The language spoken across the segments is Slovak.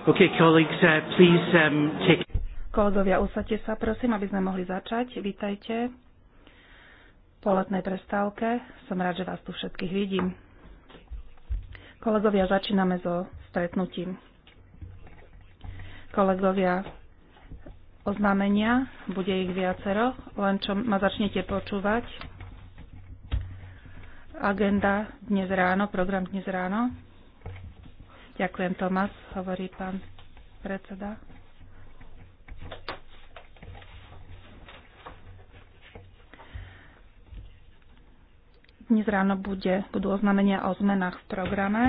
Okay, colleagues, uh, please um, take... Kolegovia, usadte sa, prosím, aby sme mohli začať. Vítajte po letnej prestávke. Som rád, že vás tu všetkých vidím. Kolegovia, začíname so stretnutím. Kolegovia, oznámenia, bude ich viacero, len čo ma začnete počúvať. Agenda dnes ráno, program dnes ráno. Ďakujem, Tomas, hovorí pán predseda. Dnes ráno bude, budú oznámenia o zmenách v programe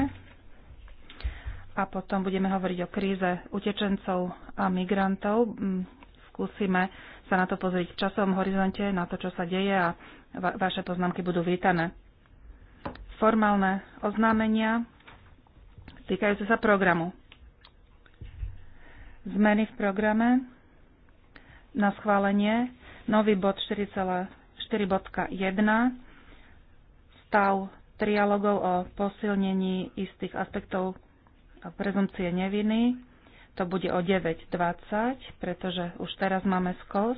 a potom budeme hovoriť o kríze utečencov a migrantov. Mm, skúsime sa na to pozrieť v časovom horizonte, na to, čo sa deje a vaše poznámky budú vítané. Formálne oznámenia týkajúce sa programu. Zmeny v programe na schválenie nový bod 4.1. stav trialogov o posilnení istých aspektov prezumcie neviny. To bude o 9.20, pretože už teraz máme skos.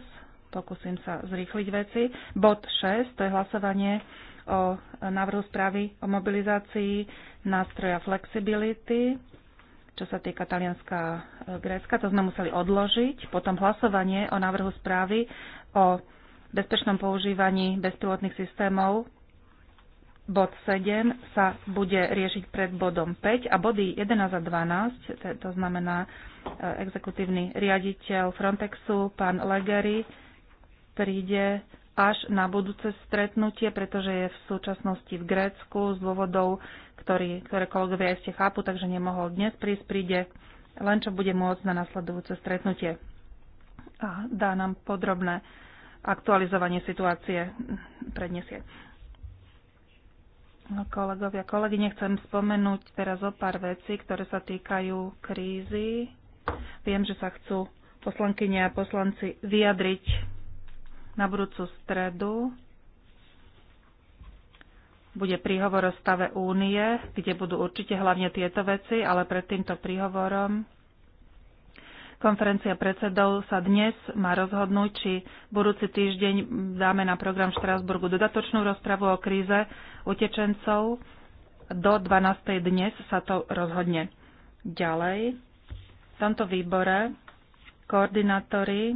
Pokúsim sa zrýchliť veci. Bod 6, to je hlasovanie o návrhu správy o mobilizácii nástroja flexibility, čo sa týka Talianska a e, Grécka. To sme museli odložiť. Potom hlasovanie o návrhu správy o bezpečnom používaní bezpilotných systémov bod 7 sa bude riešiť pred bodom 5 a body 11 a 12, to znamená e, exekutívny riaditeľ Frontexu, pán Legery, príde až na budúce stretnutie, pretože je v súčasnosti v Grécku z dôvodov, ktorý, ktoré kolegovia ešte chápu, takže nemohol dnes prísť, príde len čo bude môcť na nasledujúce stretnutie. A dá nám podrobné aktualizovanie situácie predniesie. No, kolegovia, kolegy, chcem spomenúť teraz o pár vecí, ktoré sa týkajú krízy. Viem, že sa chcú poslankyne a poslanci vyjadriť na budúcu stredu bude príhovor o stave únie, kde budú určite hlavne tieto veci, ale pred týmto príhovorom konferencia predsedov sa dnes má rozhodnúť, či budúci týždeň dáme na program v Štrásburgu dodatočnú rozpravu o kríze utečencov. Do 12. dnes sa to rozhodne. Ďalej, v tomto výbore koordinátori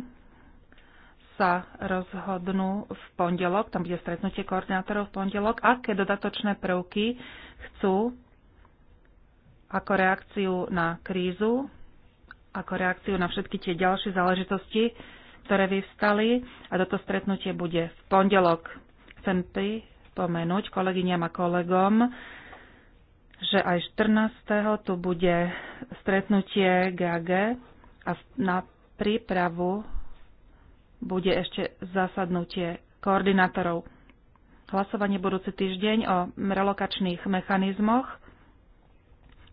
sa rozhodnú v pondelok, tam bude stretnutie koordinátorov v pondelok, aké dodatočné prvky chcú ako reakciu na krízu, ako reakciu na všetky tie ďalšie záležitosti, ktoré vyvstali. A toto stretnutie bude v pondelok. Chcem pripomenúť kolegyňam a kolegom, že aj 14. tu bude stretnutie GAG a na prípravu bude ešte zasadnutie koordinátorov. Hlasovanie budúci týždeň o relokačných mechanizmoch.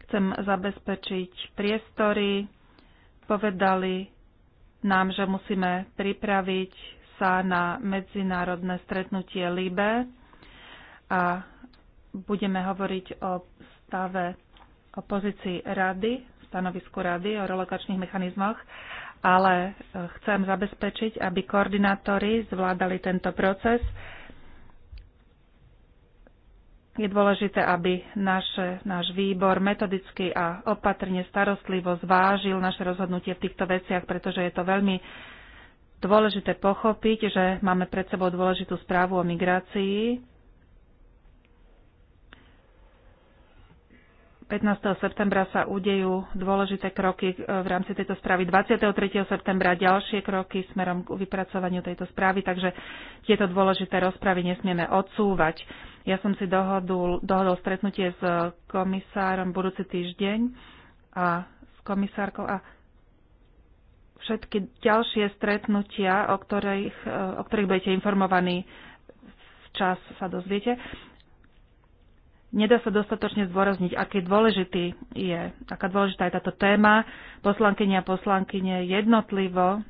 Chcem zabezpečiť priestory. Povedali nám, že musíme pripraviť sa na medzinárodné stretnutie LIBE a budeme hovoriť o stave o pozícii rady, stanovisku rady, o relokačných mechanizmoch ale e, chcem zabezpečiť, aby koordinátori zvládali tento proces. Je dôležité, aby naše, náš výbor metodicky a opatrne starostlivo zvážil naše rozhodnutie v týchto veciach, pretože je to veľmi dôležité pochopiť, že máme pred sebou dôležitú správu o migrácii 15. septembra sa udejú dôležité kroky e, v rámci tejto správy. 23. septembra ďalšie kroky smerom k vypracovaniu tejto správy, takže tieto dôležité rozpravy nesmieme odsúvať. Ja som si dohodol, dohodol stretnutie s komisárom budúci týždeň a s komisárkou a všetky ďalšie stretnutia, o ktorých, e, o ktorých budete informovaní včas, sa dozviete nedá sa dostatočne zdôrazniť, aký dôležitý je, aká dôležitá je táto téma. Poslankyne a poslankyne jednotlivo,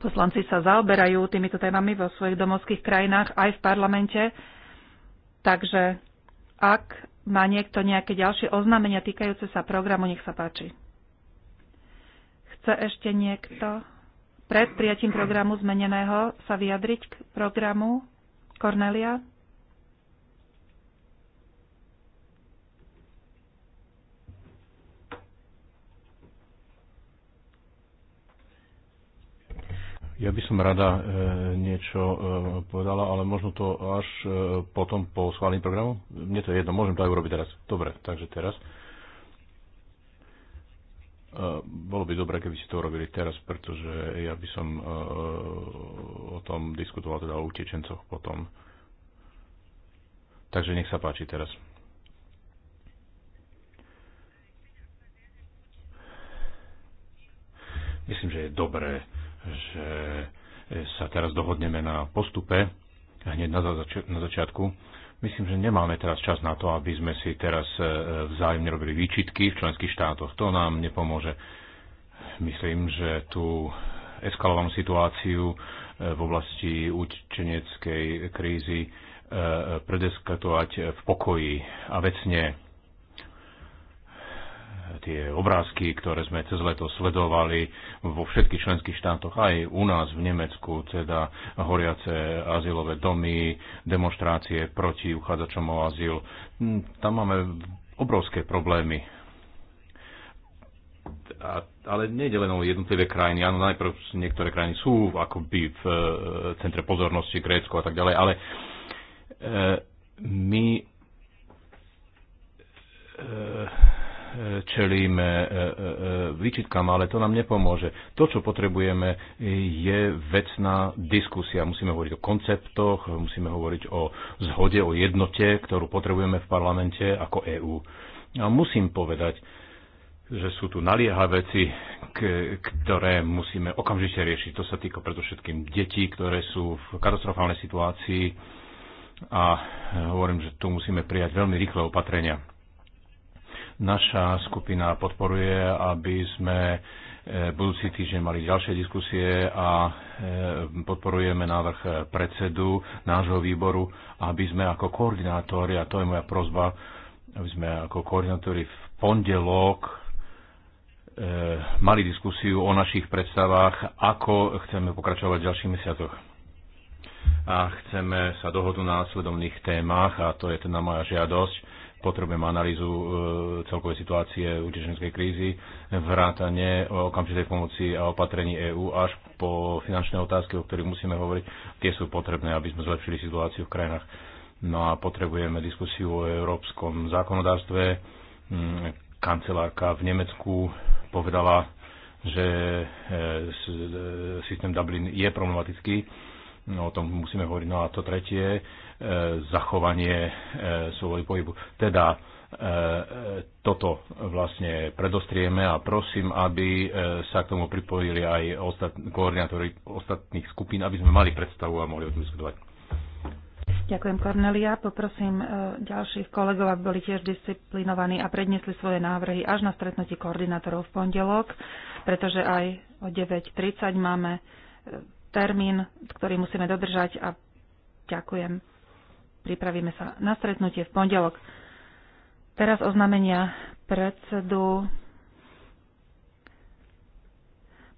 poslanci sa zaoberajú týmito témami vo svojich domovských krajinách aj v parlamente. Takže ak má niekto nejaké ďalšie oznámenia týkajúce sa programu, nech sa páči. Chce ešte niekto pred prijatím programu zmeneného sa vyjadriť k programu Cornelia? Ja by som rada e, niečo e, povedala, ale možno to až e, potom po schválení programu. Mne to je jedno, môžem to aj urobiť teraz. Dobre, takže teraz. Bolo by dobré, keby ste to urobili teraz, pretože ja by som o tom diskutoval teda o utečencoch potom. Takže nech sa páči teraz. Myslím, že je dobré že e, sa teraz dohodneme na postupe hneď na, zač- na začiatku. Myslím, že nemáme teraz čas na to, aby sme si teraz e, vzájomne robili výčitky v členských štátoch. To nám nepomôže. Myslím, že tú eskalovanú situáciu e, v oblasti učeneckej krízy predeskatovať v pokoji a vecne tie obrázky, ktoré sme cez leto sledovali vo všetkých členských štátoch, aj u nás v Nemecku, teda horiace azylové domy, demonstrácie proti uchádzačom o azyl. Hm, tam máme obrovské problémy. A, ale nejde len o jednotlivé krajiny. Áno, najprv niektoré krajiny sú akoby v e, centre pozornosti, Grécko a tak ďalej, ale e, my e, čelíme e, e, e, výčitkám, ale to nám nepomôže. To, čo potrebujeme, je vecná diskusia. Musíme hovoriť o konceptoch, musíme hovoriť o zhode, o jednote, ktorú potrebujeme v parlamente ako EÚ. A musím povedať, že sú tu naliehavé veci, ktoré musíme okamžite riešiť. To sa týka predovšetkým detí, ktoré sú v katastrofálnej situácii a hovorím, že tu musíme prijať veľmi rýchle opatrenia. Naša skupina podporuje, aby sme e, budúci týždeň mali ďalšie diskusie a e, podporujeme návrh predsedu nášho výboru, aby sme ako koordinátori, a to je moja prozba, aby sme ako koordinátori v pondelok e, mali diskusiu o našich predstavách, ako chceme pokračovať v ďalších mesiacoch. A chceme sa dohodu na následovných témach, a to je teda moja žiadosť, potrebujeme analýzu e, celkovej situácie utečenskej krízy, vrátanie okamžitej pomoci a opatrení EÚ až po finančné otázky, o ktorých musíme hovoriť, tie sú potrebné, aby sme zlepšili situáciu v krajinách. No a potrebujeme diskusiu o európskom zákonodárstve. Mm, kancelárka v Nemecku povedala, že e, e, systém Dublin je problematický, no, o tom musíme hovoriť. No a to tretie, zachovanie e, svojho pohybu. Teda e, toto vlastne predostrieme a prosím, aby e, sa k tomu pripojili aj ostat, koordinátori ostatných skupín, aby sme mali predstavu a mohli o tom diskutovať. Ďakujem, Kornelia. Poprosím ďalších kolegov, aby boli tiež disciplinovaní a predniesli svoje návrhy až na stretnutie koordinátorov v pondelok, pretože aj o 9.30 máme termín, ktorý musíme dodržať a ďakujem pripravíme sa na stretnutie v pondelok. Teraz oznámenia predsedu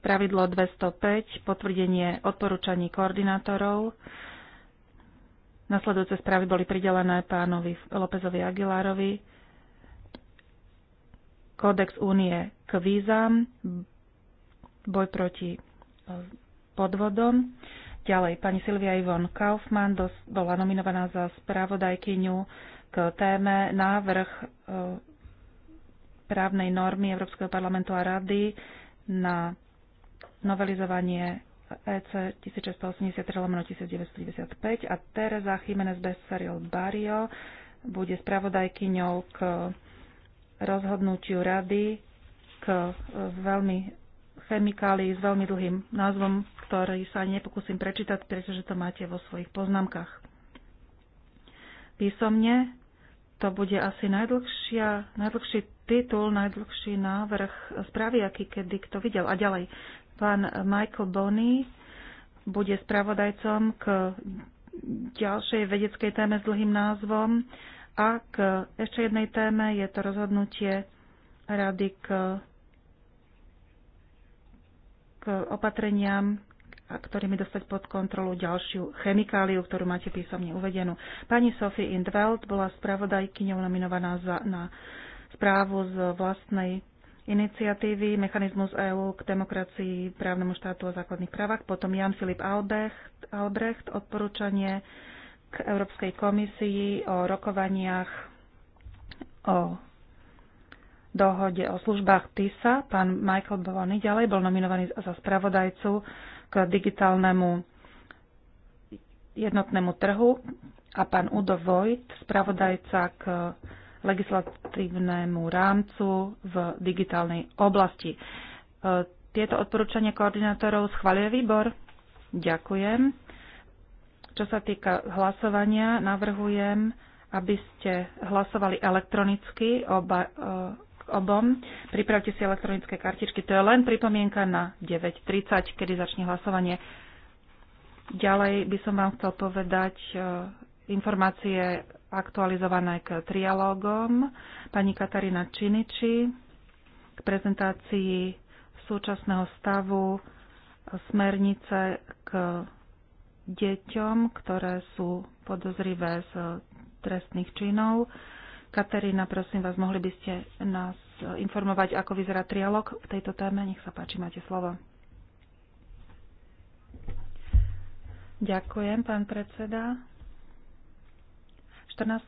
pravidlo 205, potvrdenie odporúčaní koordinátorov. Nasledujúce správy boli pridelené pánovi Lópezovi Aguilárovi. Kódex únie k vízam, boj proti podvodom. Ďalej, pani Silvia Ivon Kaufmann dos, bola nominovaná za spravodajkyňu k téme návrh e, právnej normy Európskeho parlamentu a rady na novelizovanie EC 1683-1995 a Teresa Jiménez Becerril Barrio bude spravodajkyňou k rozhodnutiu rady k e, veľmi chemikálií s veľmi dlhým názvom, ktorý sa ani nepokúsim prečítať, pretože to máte vo svojich poznámkach. Písomne to bude asi najdlhšia, najdlhší titul, najdlhší návrh správy, aký kedy kto videl. A ďalej, pán Michael Bonny bude spravodajcom k ďalšej vedeckej téme s dlhým názvom a k ešte jednej téme je to rozhodnutie rady k k opatreniam, ktorými dostať pod kontrolu ďalšiu chemikáliu, ktorú máte písomne uvedenú. Pani Sophie Indveld bola spravodajkyňou nominovaná za, na správu z vlastnej iniciatívy Mechanizmus EÚ k demokracii, právnemu štátu a základných právach, potom Jan Filip Albrecht, Albrecht odporúčanie k Európskej komisii o rokovaniach o dohode o službách TISA. Pán Michael Bovany ďalej bol nominovaný za spravodajcu k digitálnemu jednotnému trhu a pán Udo Vojt, spravodajca k legislatívnemu rámcu v digitálnej oblasti. E, tieto odporúčania koordinátorov schváluje výbor. Ďakujem. Čo sa týka hlasovania, navrhujem, aby ste hlasovali elektronicky oba, e, obom. Pripravte si elektronické kartičky. To je len pripomienka na 9.30, kedy začne hlasovanie. Ďalej by som vám chcel povedať e, informácie aktualizované k trialógom. Pani Katarína Činiči k prezentácii súčasného stavu smernice k deťom, ktoré sú podozrivé z trestných činov. Katarína, prosím vás, mohli by ste nás informovať, ako vyzerá trialog v tejto téme. Nech sa páči, máte slovo. Ďakujem, pán predseda. 14.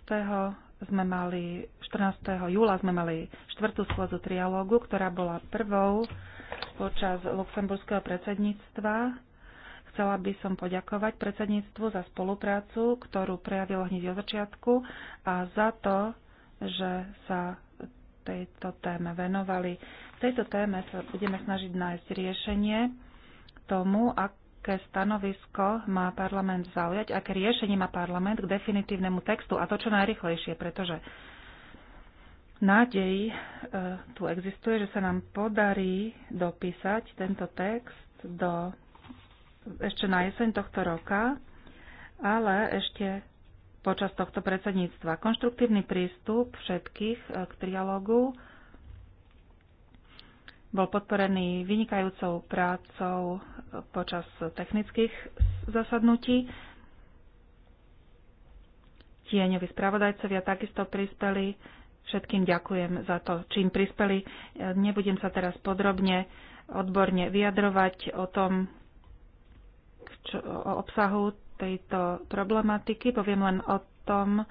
Sme mali, 14. júla sme mali štvrtú schôdzu trialógu, ktorá bola prvou počas luxemburského predsedníctva. Chcela by som poďakovať predsedníctvu za spoluprácu, ktorú prejavilo hneď od začiatku a za to, že sa tejto téme venovali. V tejto téme sa budeme snažiť nájsť riešenie tomu, aké stanovisko má parlament zaujať, aké riešenie má parlament k definitívnemu textu a to čo najrychlejšie, pretože nádej e, tu existuje, že sa nám podarí dopísať tento text do ešte na jeseň tohto roka, ale ešte počas tohto predsedníctva. Konštruktívny prístup všetkých e, k trialógu bol podporený vynikajúcou prácou e, počas technických zasadnutí. Tieňoví spravodajcovia takisto prispeli. Všetkým ďakujem za to, čím prispeli. E, nebudem sa teraz podrobne odborne vyjadrovať o tom, čo, o obsahu tejto problematiky. Poviem len o tom,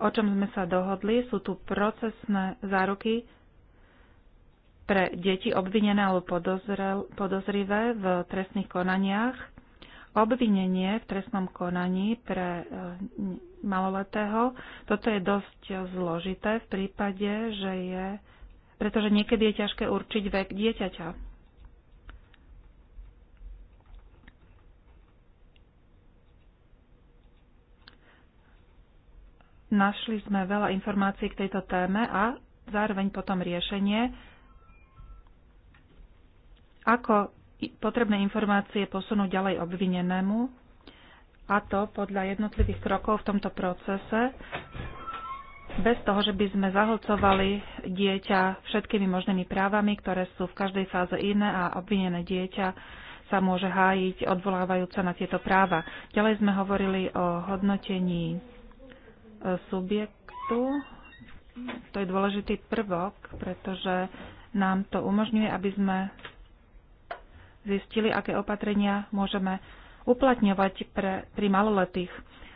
o čom sme sa dohodli. Sú tu procesné záruky pre deti obvinené alebo podozrivé v trestných konaniach. Obvinenie v trestnom konaní pre e, maloletého, toto je dosť zložité v prípade, že je, pretože niekedy je ťažké určiť vek dieťaťa. Našli sme veľa informácií k tejto téme a zároveň potom riešenie, ako potrebné informácie posunúť ďalej obvinenému, a to podľa jednotlivých krokov v tomto procese, bez toho, že by sme zahlcovali dieťa všetkými možnými právami, ktoré sú v každej fáze iné a obvinené dieťa sa môže hájiť odvolávajúca na tieto práva. Ďalej sme hovorili o hodnotení E, subjektu. To je dôležitý prvok, pretože nám to umožňuje, aby sme zistili, aké opatrenia môžeme uplatňovať pre, pri maloletých.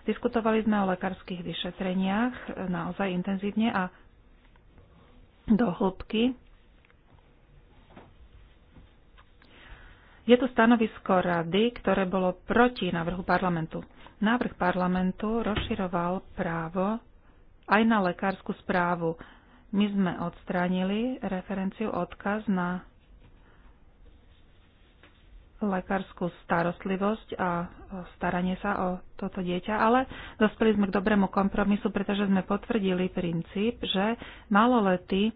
Diskutovali sme o lekárskych vyšetreniach e, naozaj intenzívne a do hĺbky. Je tu stanovisko rady, ktoré bolo proti návrhu parlamentu. Návrh parlamentu rozširoval právo aj na lekárskú správu. My sme odstránili referenciu odkaz na lekárskú starostlivosť a staranie sa o toto dieťa, ale dospeli sme k dobrému kompromisu, pretože sme potvrdili princíp, že malolety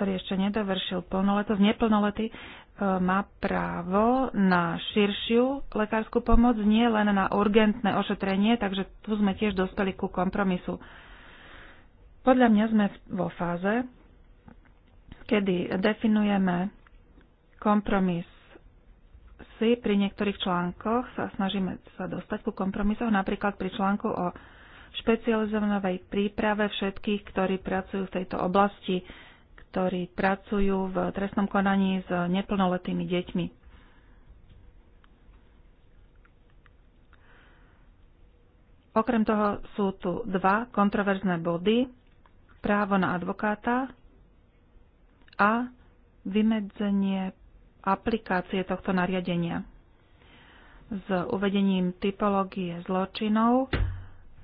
ktorý ešte nedovršil plnoletosť, neplnoletý, E, má právo na širšiu lekárskú pomoc, nie len na urgentné ošetrenie, takže tu sme tiež dospeli ku kompromisu. Podľa mňa sme vo fáze, kedy definujeme kompromis si pri niektorých článkoch sa snažíme sa dostať ku kompromisoch, napríklad pri článku o špecializovanovej príprave všetkých, ktorí pracujú v tejto oblasti ktorí pracujú v trestnom konaní s neplnoletými deťmi. Okrem toho sú tu dva kontroverzné body. Právo na advokáta a vymedzenie aplikácie tohto nariadenia. S uvedením typológie zločinov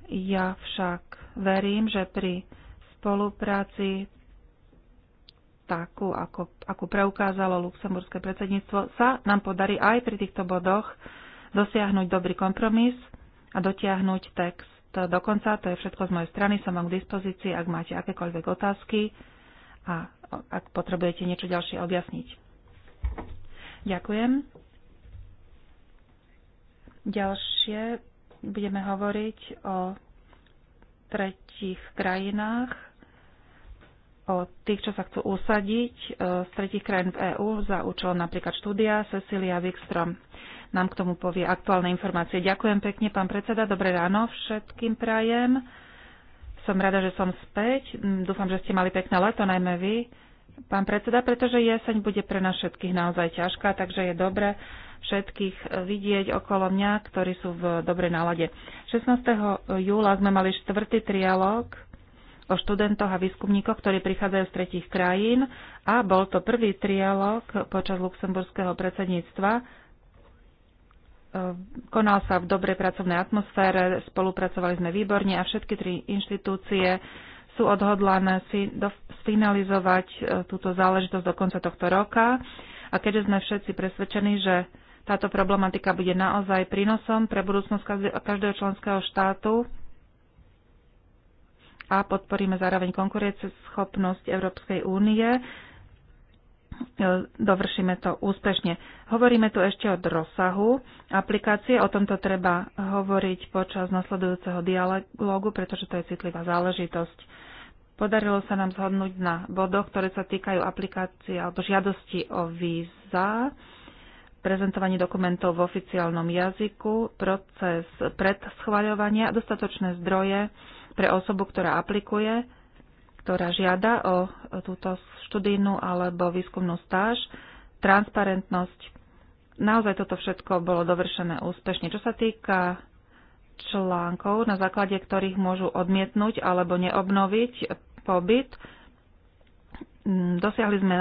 ja však verím, že pri spolupráci takú, ako, ako preukázalo luxemburské predsedníctvo, sa nám podarí aj pri týchto bodoch dosiahnuť dobrý kompromis a dotiahnuť text do konca. To je všetko z mojej strany. Som vám k dispozícii, ak máte akékoľvek otázky a ak potrebujete niečo ďalšie objasniť. Ďakujem. Ďalšie budeme hovoriť o tretích krajinách od tých, čo sa chcú usadiť e, z tretich krajín v EÚ za účelom napríklad štúdia. Cecilia Wikstrom nám k tomu povie aktuálne informácie. Ďakujem pekne, pán predseda. Dobré ráno všetkým prajem. Som rada, že som späť. Mm, dúfam, že ste mali pekné leto, najmä vy, pán predseda, pretože jeseň bude pre nás všetkých naozaj ťažká, takže je dobre všetkých e, vidieť okolo mňa, ktorí sú v dobrej nálade. 16. júla sme mali štvrtý trialóg o študentoch a výskumníkoch, ktorí prichádzajú z tretich krajín a bol to prvý trialog počas luxemburského predsedníctva. E, konal sa v dobrej pracovnej atmosfére, spolupracovali sme výborne a všetky tri inštitúcie sú odhodlané si sfinalizovať e, túto záležitosť do konca tohto roka. A keďže sme všetci presvedčení, že táto problematika bude naozaj prínosom pre budúcnosť každého členského štátu, a podporíme zároveň konkurencieschopnosť Európskej únie. E, dovršíme to úspešne. Hovoríme tu ešte o rozsahu aplikácie. O tomto treba hovoriť počas nasledujúceho dialogu, pretože to je citlivá záležitosť. Podarilo sa nám zhodnúť na bodoch, ktoré sa týkajú aplikácie alebo žiadosti o víza, prezentovanie dokumentov v oficiálnom jazyku, proces predschvaľovania, dostatočné zdroje, pre osobu, ktorá aplikuje, ktorá žiada o túto študijnú alebo výskumnú stáž, transparentnosť. Naozaj toto všetko bolo dovršené úspešne. Čo sa týka článkov, na základe ktorých môžu odmietnúť alebo neobnoviť pobyt, mm, dosiahli sme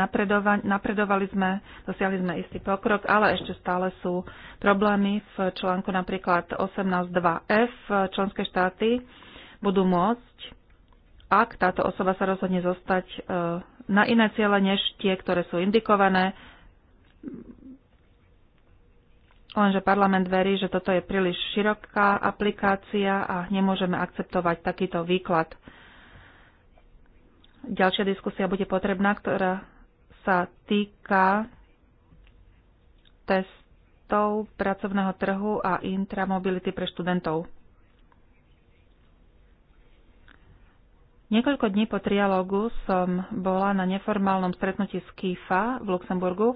napredovali sme, dosiahli sme istý pokrok, ale ešte stále sú problémy v článku napríklad 18.2f. Členské štáty budú môcť, ak táto osoba sa rozhodne zostať e, na iné ciele než tie, ktoré sú indikované. Lenže parlament verí, že toto je príliš široká aplikácia a nemôžeme akceptovať takýto výklad. Ďalšia diskusia bude potrebná, ktorá sa týka testov pracovného trhu a intramobility pre študentov. Niekoľko dní po trialógu som bola na neformálnom stretnutí z KIFA v Luxemburgu.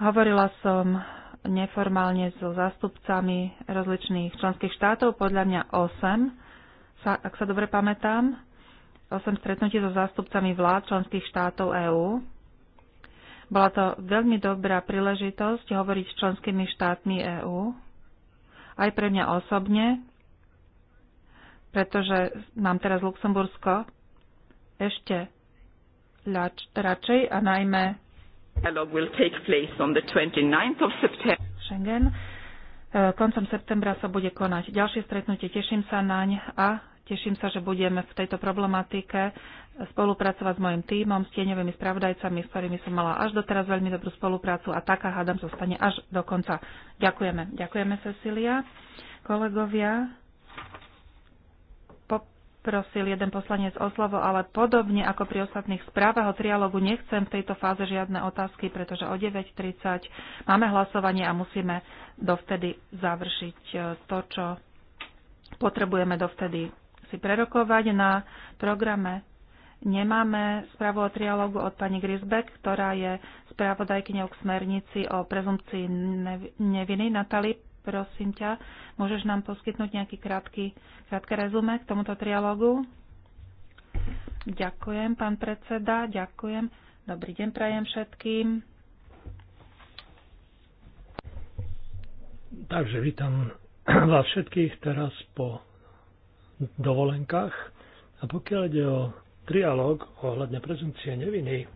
Hovorila som neformálne so zástupcami rozličných členských štátov, podľa mňa 8, sa, ak sa dobre pamätám, 8 stretnutí so zástupcami vlád členských štátov EÚ. Bola to veľmi dobrá príležitosť hovoriť s členskými štátmi EÚ, aj pre mňa osobne, pretože mám teraz Luxembursko ešte radšej a najmä Schengen. E, koncom septembra sa bude konať ďalšie stretnutie. Teším sa naň a teším sa, že budeme v tejto problematike spolupracovať s mojim tímom, s tieňovými spravodajcami, s ktorými som mala až doteraz veľmi dobrú spoluprácu a taká hádam zostane až do konca. Ďakujeme. Ďakujeme, Cecília. Kolegovia, prosil jeden poslanec o slovo, ale podobne ako pri ostatných správach o trialogu nechcem v tejto fáze žiadne otázky, pretože o 9.30 máme hlasovanie a musíme dovtedy završiť e, to, čo potrebujeme dovtedy si prerokovať. Na programe nemáme správu o trialógu od pani Grisbeck, ktorá je správodajkyňou k smernici o prezumpcii neviny. Natali, prosím ťa, môžeš nám poskytnúť nejaký krátky, krátke rezume k tomuto trialógu? Ďakujem, pán predseda, ďakujem. Dobrý deň prajem všetkým. Takže vítam vás všetkých teraz po dovolenkách. A pokiaľ ide o trialóg ohľadne prezumcie neviny,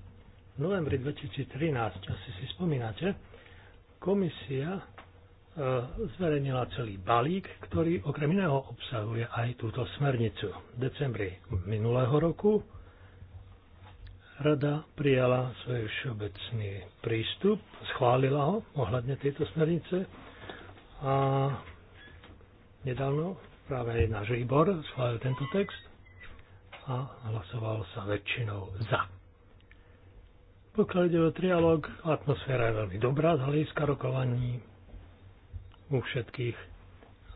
v novembri 2013, asi si spomínate, komisia E, zverejnila celý balík, ktorý okrem iného obsahuje aj túto smernicu. V decembri minulého roku Rada prijala svoj všeobecný prístup, schválila ho ohľadne tejto smernice a nedávno práve náš výbor schválil tento text a hlasoval sa väčšinou za. Pokiaľ ide o trialog, atmosféra je veľmi dobrá z hľadiska rokovaní u všetkých.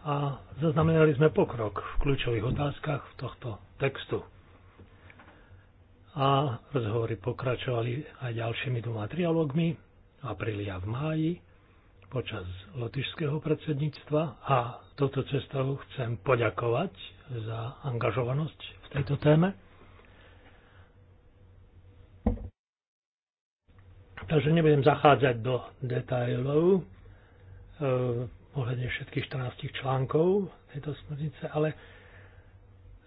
A zaznamenali sme pokrok v kľúčových otázkach v tohto textu. A rozhovory pokračovali aj ďalšími dvoma trialogmi, apríli a v máji, počas lotišského predsedníctva a touto cestou chcem poďakovať za angažovanosť v tejto téme. Takže nebudem zachádzať do detajlov. Ehm, ohľadne všetkých 14 článkov tejto smernice, ale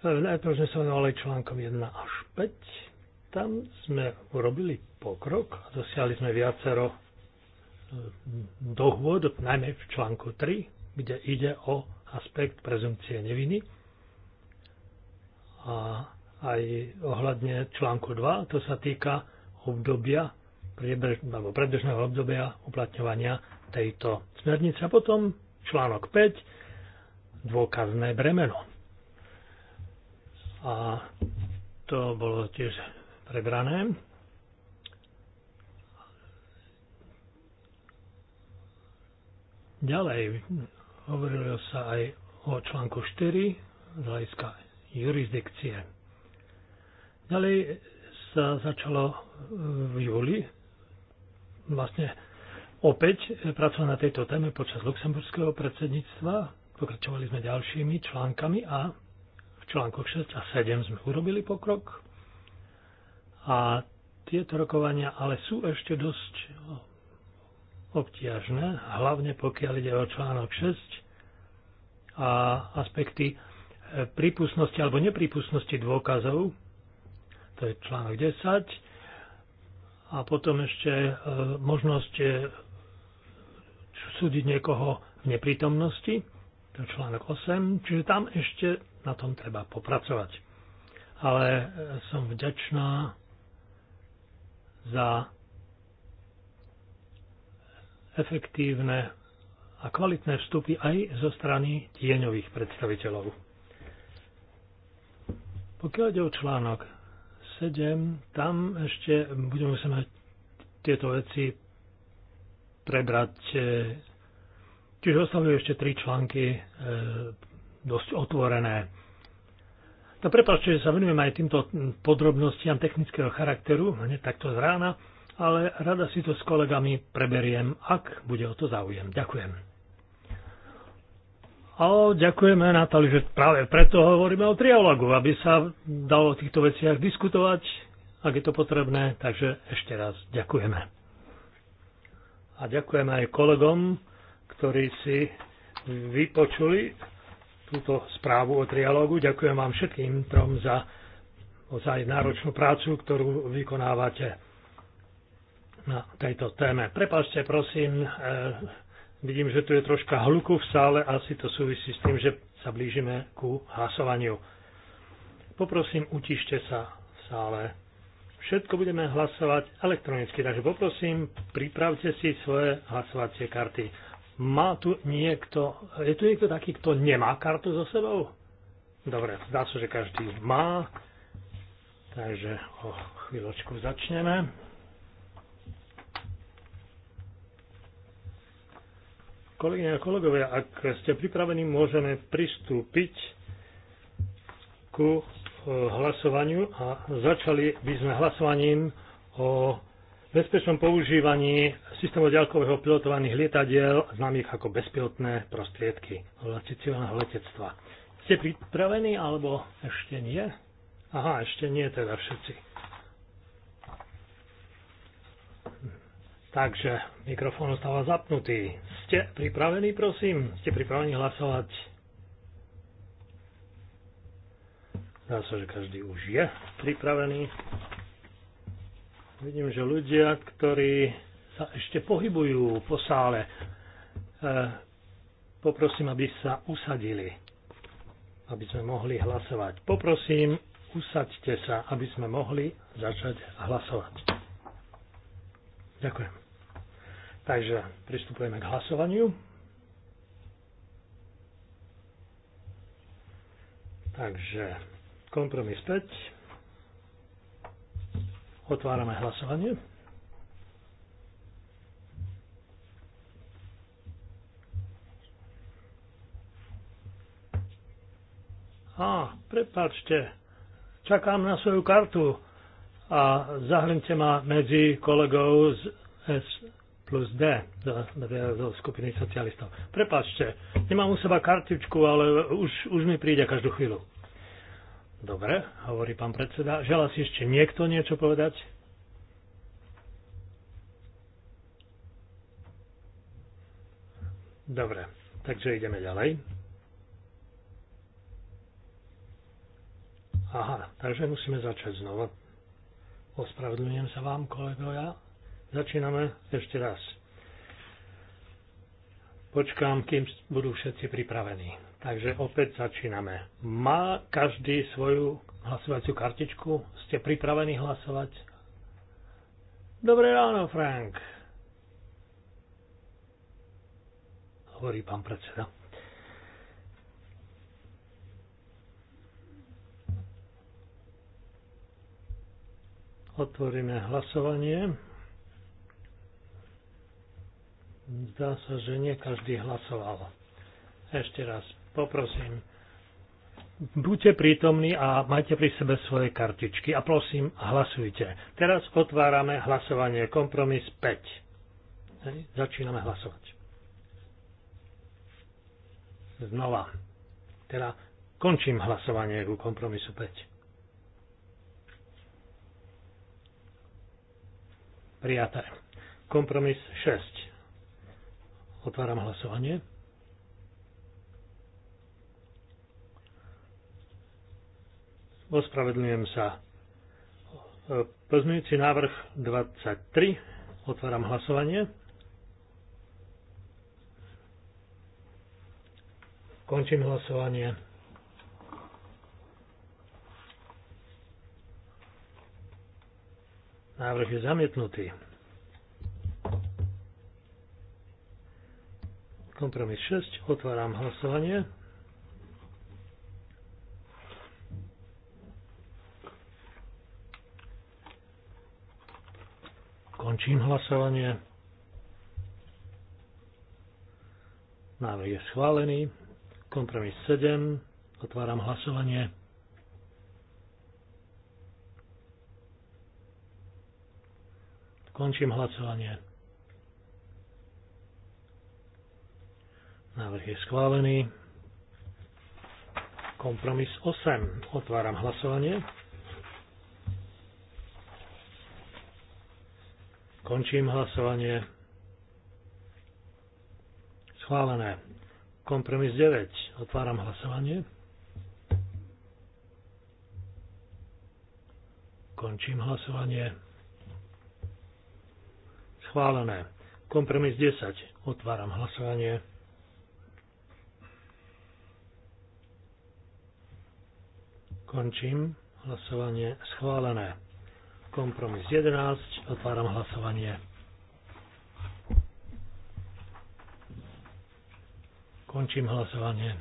e, najprv sme sa venovali článkom 1 až 5. Tam sme urobili pokrok a dosiahli sme viacero e, dohôd, najmä v článku 3, kde ide o aspekt prezumcie neviny a aj ohľadne článku 2, to sa týka obdobia, alebo predbežného obdobia uplatňovania tejto smernice. A potom článok 5, dôkazné bremeno. A to bolo tiež prebrané. Ďalej hovorilo sa aj o článku 4 z hľadiska jurisdikcie. Ďalej sa začalo v júli vlastne opäť pracovali na tejto téme počas luxemburského predsedníctva. Pokračovali sme ďalšími článkami a v článkoch 6 a 7 sme urobili pokrok. A tieto rokovania ale sú ešte dosť obtiažné, hlavne pokiaľ ide o článok 6 a aspekty prípustnosti alebo neprípustnosti dôkazov, to je článok 10, a potom ešte e, možnosť e, súdiť niekoho v neprítomnosti, to je článok 8, čiže tam ešte na tom treba popracovať. Ale e, som vďačná za efektívne a kvalitné vstupy aj zo strany tieňových predstaviteľov. Pokiaľ ide o článok 7, tam ešte budeme sa mať tieto veci prebrať. E, čiže ostávajú ešte tri články e, dosť otvorené. No prepáčte, že sa venujem aj týmto podrobnostiam technického charakteru, hneď takto z rána, ale rada si to s kolegami preberiem, ak bude o to záujem. Ďakujem. A ďakujeme, Natali, že práve preto hovoríme o trialogu, aby sa dalo o týchto veciach diskutovať, ak je to potrebné. Takže ešte raz ďakujeme a ďakujem aj kolegom, ktorí si vypočuli túto správu o trialógu. Ďakujem vám všetkým trom za ozaj náročnú prácu, ktorú vykonávate na tejto téme. Prepačte, prosím, e, vidím, že tu je troška hluku v sále, asi to súvisí s tým, že sa blížime ku hlasovaniu. Poprosím, utište sa v sále. Všetko budeme hlasovať elektronicky, takže poprosím, pripravte si svoje hlasovacie karty. Má tu niekto, je tu niekto taký, kto nemá kartu so sebou? Dobre, zdá sa, so, že každý má, takže o chvíľočku začneme. Kolegyne a kolegovia, ak ste pripravení, môžeme pristúpiť ku hlasovaniu a začali by sme hlasovaním o bezpečnom používaní systému ďalkového pilotovaných lietadiel, známych ako bezpilotné prostriedky civilného letectva. Ste pripravení alebo ešte nie? Aha, ešte nie teda všetci. Takže mikrofón ostáva zapnutý. Ste pripravení, prosím? Ste pripravení hlasovať Dá sa, že každý už je pripravený. Vidím, že ľudia, ktorí sa ešte pohybujú po sále, eh, poprosím, aby sa usadili, aby sme mohli hlasovať. Poprosím, usaďte sa, aby sme mohli začať hlasovať. Ďakujem. Takže pristupujeme k hlasovaniu. Takže Kompromis 5. Otvárame hlasovanie. Á, prepáčte, čakám na svoju kartu a zahrňte ma medzi kolegov z S plus D, zo skupiny socialistov. Prepačte, nemám u seba kartičku, ale už, už mi príde každú chvíľu. Dobre, hovorí pán predseda. Želá si ešte niekto niečo povedať? Dobre, takže ideme ďalej. Aha, takže musíme začať znova. Ospravedlňujem sa vám, kolegovia. Začíname ešte raz. Počkám, kým budú všetci pripravení. Takže opäť začíname. Má každý svoju hlasovaciu kartičku? Ste pripravení hlasovať? Dobré ráno, Frank. Hovorí pán predseda. Otvoríme hlasovanie. Zdá sa, že nie každý hlasoval. Ešte raz Poprosím, buďte prítomní a majte pri sebe svoje kartičky a prosím, hlasujte. Teraz otvárame hlasovanie. Kompromis 5. Hej. Začíname hlasovať. Znova. Teda končím hlasovanie ku kompromisu 5. Prijaté. Kompromis 6. Otváram hlasovanie. Ospravedlňujem sa. Pozmeňujúci návrh 23. Otváram hlasovanie. Končím hlasovanie. Návrh je zamietnutý. Kompromis 6. Otváram hlasovanie. Končím hlasovanie. Návrh je schválený. Kompromis 7. Otváram hlasovanie. Končím hlasovanie. Návrh je schválený. Kompromis 8. Otváram hlasovanie. Končím hlasovanie. Schválené. Kompromis 9. Otváram hlasovanie. Končím hlasovanie. Schválené. Kompromis 10. Otváram hlasovanie. Končím hlasovanie. Schválené. Kompromis 11. Otváram hlasovanie. Končím hlasovanie.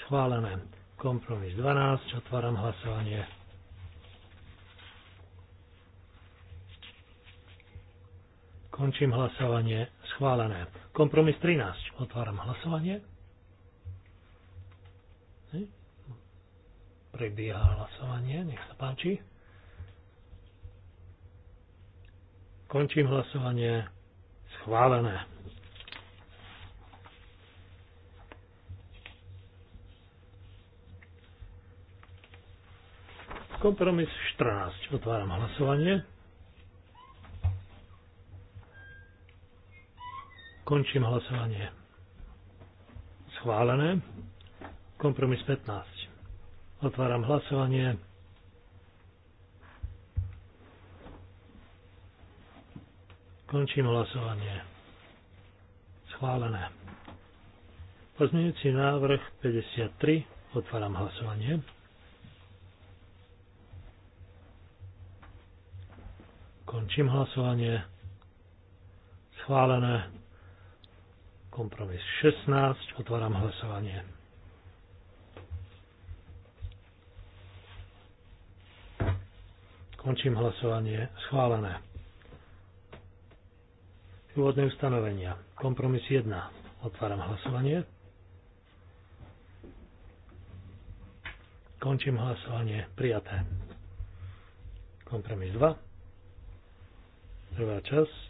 Schválené. Kompromis 12. Otváram hlasovanie. Končím hlasovanie. Schválené. Kompromis 13. Otváram hlasovanie. Hm? Prebieha hlasovanie. Nech sa páči. Končím hlasovanie. Schválené. Kompromis 14. Otváram hlasovanie. Končím hlasovanie. Schválené. Kompromis 15. Otváram hlasovanie. Končím hlasovanie. Schválené. Pozmeňujúci návrh 53. Otváram hlasovanie. Končím hlasovanie. Schválené. Kompromis 16. Otváram hlasovanie. Končím hlasovanie. Schválené. Úvodné ustanovenia. Kompromis 1. Otváram hlasovanie. Končím hlasovanie. Prijaté. Kompromis 2. Prvá časť.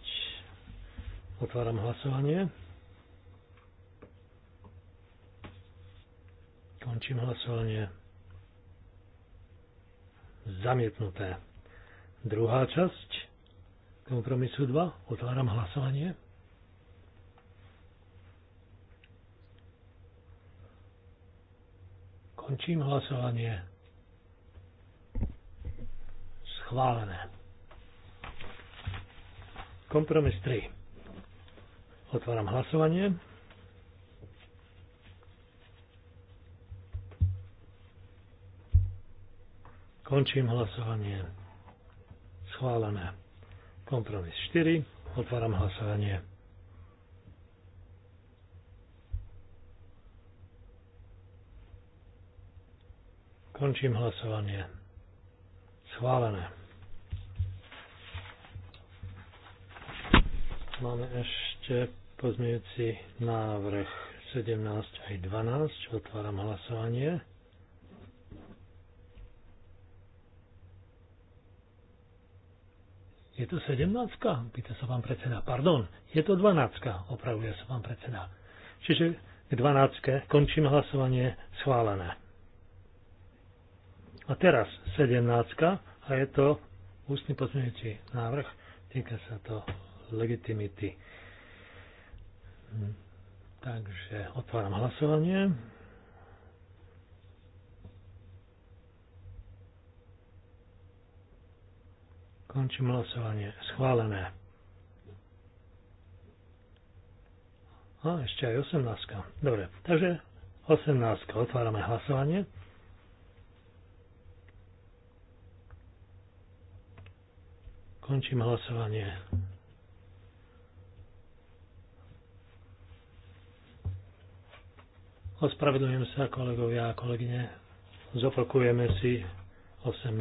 Otváram hlasovanie. Končím hlasovanie. Zamietnuté. Druhá časť kompromisu 2. Otváram hlasovanie. Končím hlasovanie. Schválené. Kompromis 3. Otváram hlasovanie. Končím hlasovanie. Schválené. Kompromis 4. Otváram hlasovanie. Končím hlasovanie. Schválené. Máme ešte pozmeňujúci návrh 17 aj 12. Otváram hlasovanie. Je to 17? Pýta sa pán predseda. Pardon, je to 12. Opravuje sa pán predseda. Čiže k 12. končím hlasovanie schválené. A teraz 17. a je to ústny pozmeňujúci návrh. Týka sa to legitimity. Hm, takže otváram hlasovanie. Končím hlasovanie. Schválené. A ešte aj 18. Dobre, takže 18. Otvárame hlasovanie. Končím hlasovanie. Ospravedlňujem sa kolegovia a kolegyne. Zopakujeme si 18.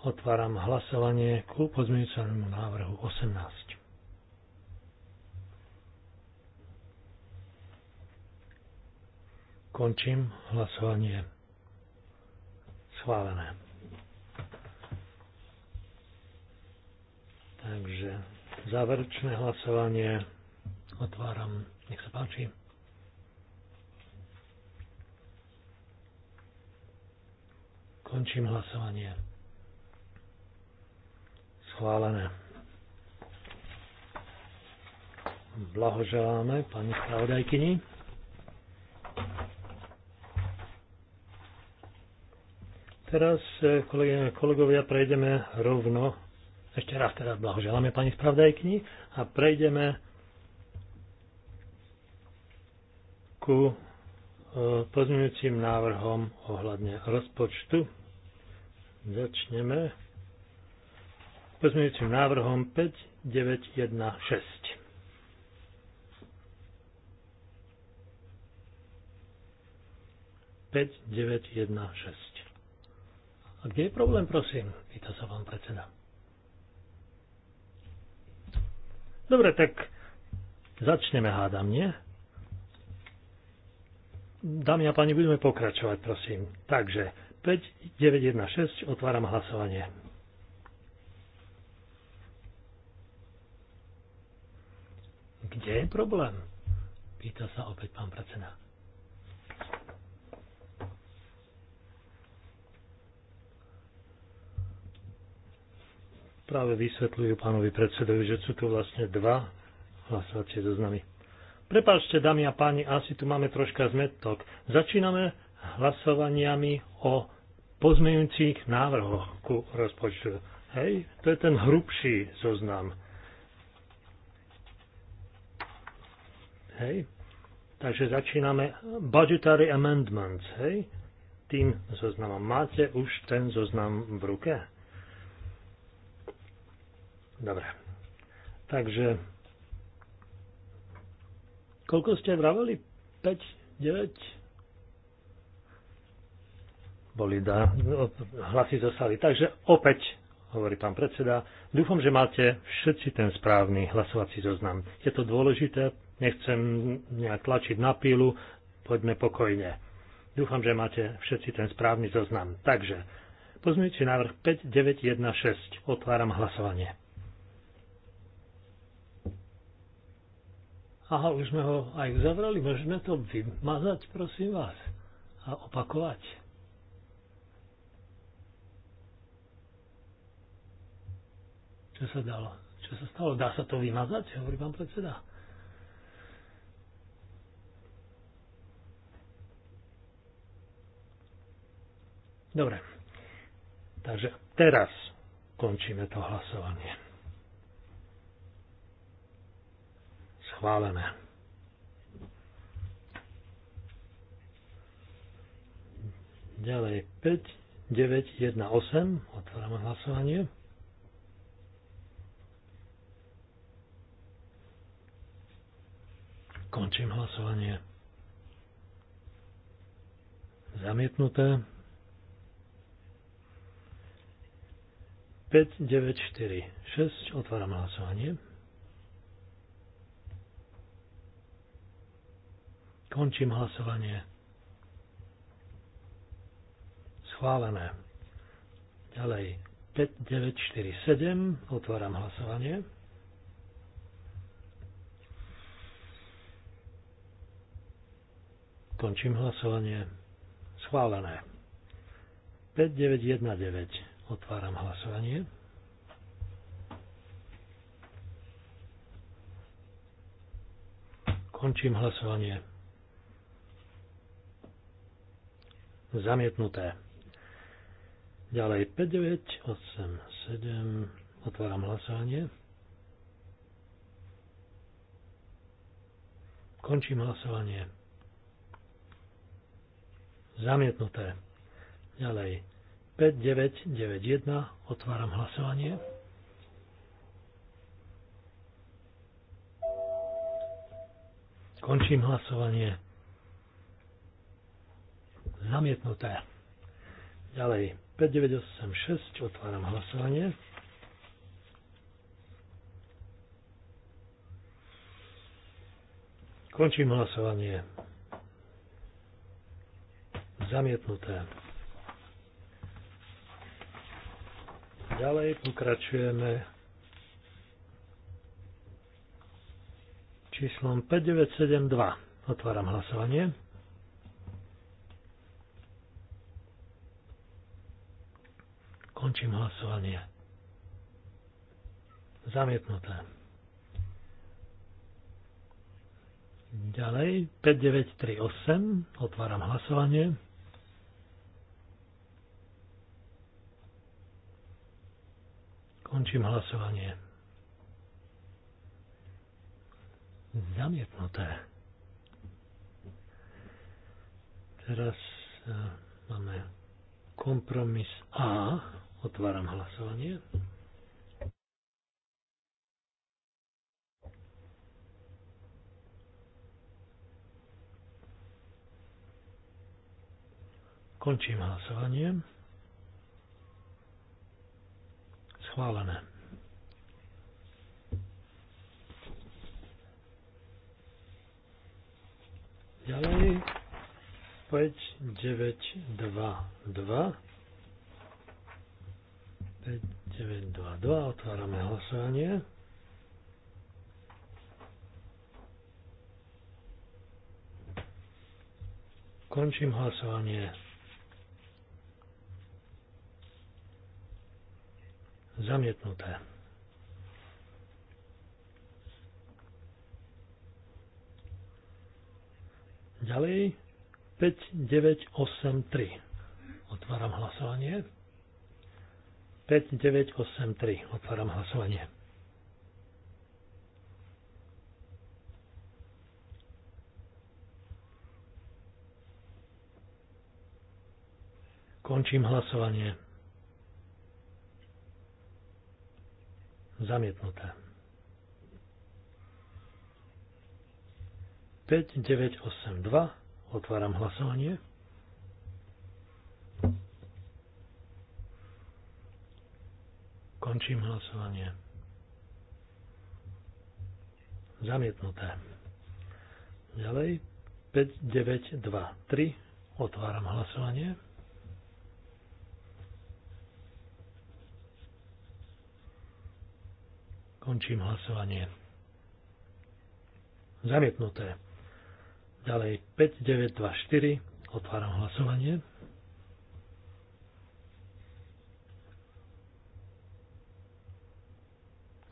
Otváram hlasovanie ku pozmeňujúcemu návrhu 18. Končím hlasovanie. Schválené. Takže záverečné hlasovanie otváram. Nech sa páči. Končím hlasovanie. Schválené. Blahoželáme pani spravodajkyni. Teraz, eh, kolegyne a kolegovia, prejdeme rovno, ešte raz teda blahoželáme pani spravodajkyni a prejdeme ku eh, pozmeňujúcim návrhom ohľadne rozpočtu. Začneme pozmeňujúcim návrhom 5916. Päť, deväť, jedna, A kde je problém, prosím? Pýta sa vám predseda. Dobre, tak začneme, hádam, nie? Dámy a páni, budeme pokračovať, prosím. Takže 5, 9, 1, 6, otváram hlasovanie. Kde je problém? Pýta sa opäť pán predseda. Práve vysvetľujú pánovi predsedovi, že sú tu vlastne dva hlasovacie zoznamy. Prepáčte, dámy a páni, asi tu máme troška zmetok. Začíname hlasovaniami o pozmejúcich návrhoch ku rozpočtu. Hej, to je ten hrubší zoznam. Hej? Takže začíname budgetary amendments, hej? Tým zoznamom. Máte už ten zoznam v ruke? Dobre. Takže koľko ste vraveli? 5, 9? Boli dá, no, hlasy zostali. Takže opäť, hovorí pán predseda, dúfam, že máte všetci ten správny hlasovací zoznam. Je to dôležité nechcem nejak tlačiť na pílu, poďme pokojne. Dúfam, že máte všetci ten správny zoznam. Takže, pozmeňujúci návrh 5916. Otváram hlasovanie. Aha, už sme ho aj zavrali. Môžeme to vymazať, prosím vás. A opakovať. Čo sa dalo? Čo sa stalo? Dá sa to vymazať? Hovorí pán predseda. Dobre. Takže teraz končíme to hlasovanie. Schválené. Ďalej 5, 9, 1, 8. Otvárame hlasovanie. Končím hlasovanie. Zamietnuté. 5, 9, 4, 6. Otváram hlasovanie. Končím hlasovanie. Schválené. Ďalej 5, 9, 4, 7. Otváram hlasovanie. Končím hlasovanie. Schválené. 5919. Otváram hlasovanie. Končím hlasovanie. Zamietnuté. Ďalej 5, 9, 8, 7. Otváram hlasovanie. Končím hlasovanie. Zamietnuté. Ďalej 5991. Otváram hlasovanie. Končím hlasovanie. Zamietnuté. Ďalej. 5986. Otváram hlasovanie. Končím hlasovanie. Zamietnuté. ďalej, pokračujeme číslom 5972. Otváram hlasovanie. Končím hlasovanie. Zamietnuté. Ďalej 5938. Otváram hlasovanie. Končím hlasovanie. Zamietnuté. Teraz e, máme kompromis A. Otváram hlasovanie. Končím hlasovanie. Schválené. Ďalej 5, 9, 2, 2. 5, 9, 2, 2. Otvárame hlasovanie. Končím hlasovanie. Zamietnuté. Ďalej 5983. Otváram hlasovanie. 5983. Otváram hlasovanie. Končím hlasovanie. Zamietnuté. 5982. Otváram hlasovanie. Končím hlasovanie. Zamietnuté. Ďalej 5, 9, 2, 3. Otváram hlasovanie. Končím hlasovanie. Zamietnuté. Ďalej 5924. Otváram hlasovanie.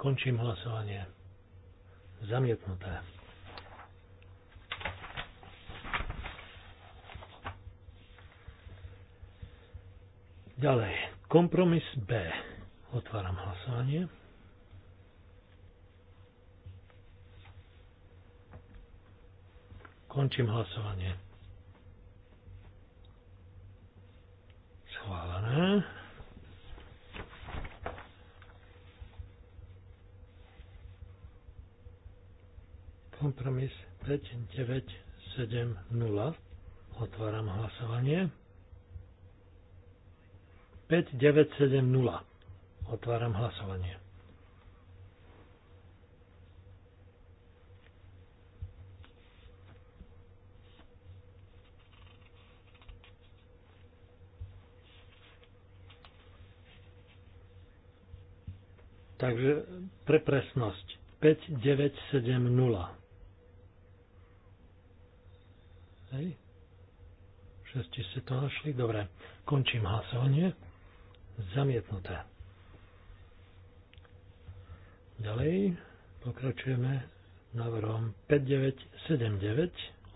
Končím hlasovanie. Zamietnuté. Ďalej. Kompromis B. Otváram hlasovanie. Končím hlasovanie. Schválené. Kompromis 5, 9, 7, 0. Otváram hlasovanie. 5,9,7,0. Otváram hlasovanie. Takže pre presnosť 5970. Hej. Všetci ste to našli? Dobre. Končím hlasovanie. Zamietnuté. Ďalej pokračujeme návrhom 5979.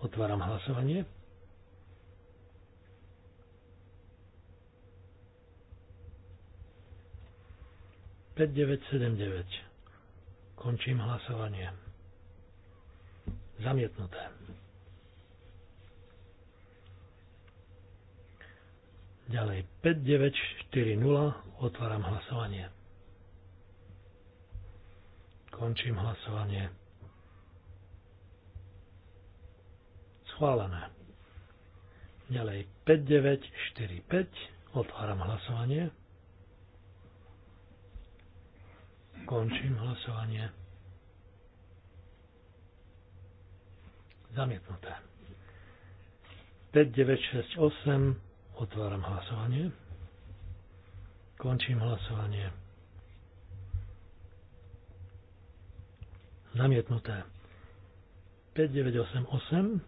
Otváram hlasovanie. 5979. Končím hlasovanie. Zamietnuté. Ďalej 5940. Otváram hlasovanie. Končím hlasovanie. Schválené. Ďalej 5945. Otváram hlasovanie. Končím hlasovanie. Zamietnuté. 5, 9, 6, 8. Otváram hlasovanie. Končím hlasovanie. Zamietnuté. 5, 9, 8, 8.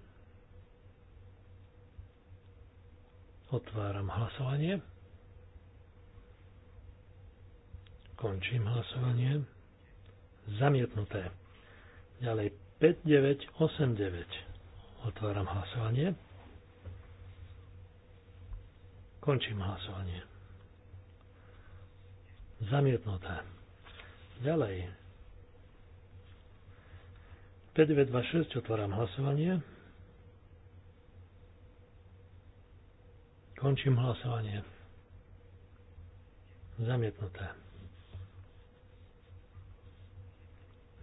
Otváram hlasovanie. Končím hlasovanie. Zamietnuté. Ďalej 5989. Otváram hlasovanie. Končím hlasovanie. Zamietnuté. Ďalej. 5926. Otváram hlasovanie. Končím hlasovanie. Zamietnuté.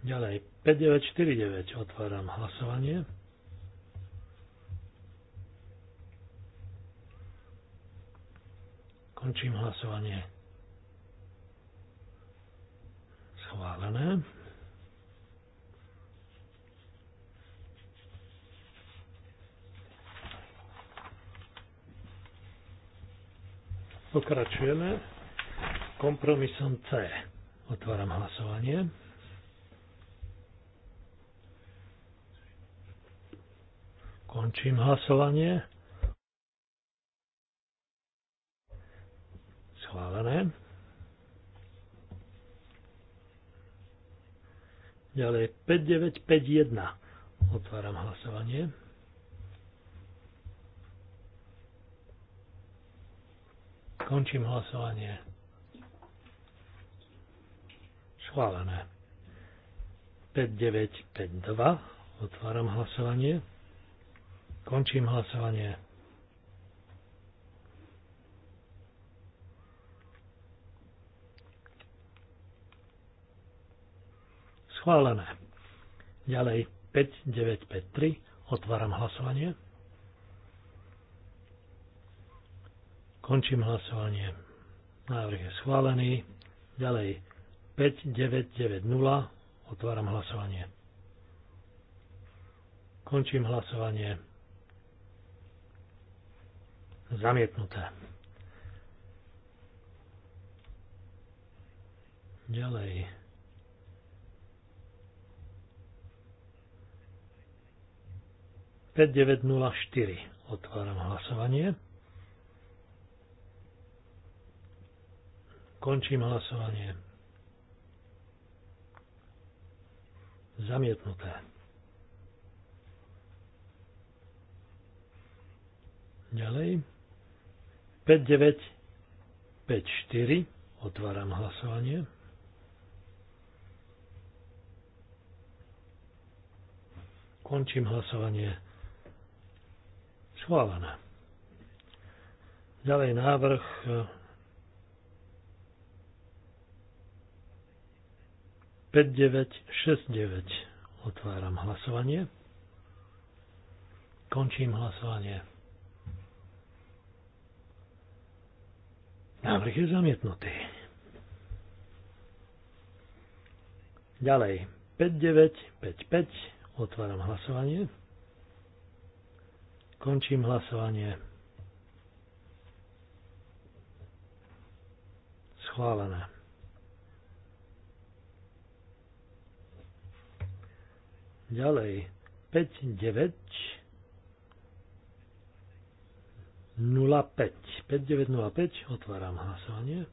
Ďalej, 5949 otváram hlasovanie. Končím hlasovanie. Schválené. Pokračujeme kompromisom C. Otváram hlasovanie. Končím hlasovanie. Schválené. Ďalej 5951. Otváram hlasovanie. Končím hlasovanie. Schválené. 5952. Otváram hlasovanie. Končím hlasovanie. Schválené. Ďalej 5953. Otváram hlasovanie. Končím hlasovanie. Návrh je schválený. Ďalej 5990. Otváram hlasovanie. Končím hlasovanie. Zamietnuté. Ďalej. Päť deväť nula štyri. Otváram hlasovanie. Končím hlasovanie. Zamietnuté. Ďalej. 5954. Otváram hlasovanie. Končím hlasovanie. Schválené. Ďalej návrh 5969. Eh, Otváram hlasovanie. Končím hlasovanie. Návrh je zamietnutý. Ďalej. 5955. Otváram hlasovanie. Končím hlasovanie. Schválené. Ďalej. 5, 9, 5905. Otváram hlasovanie.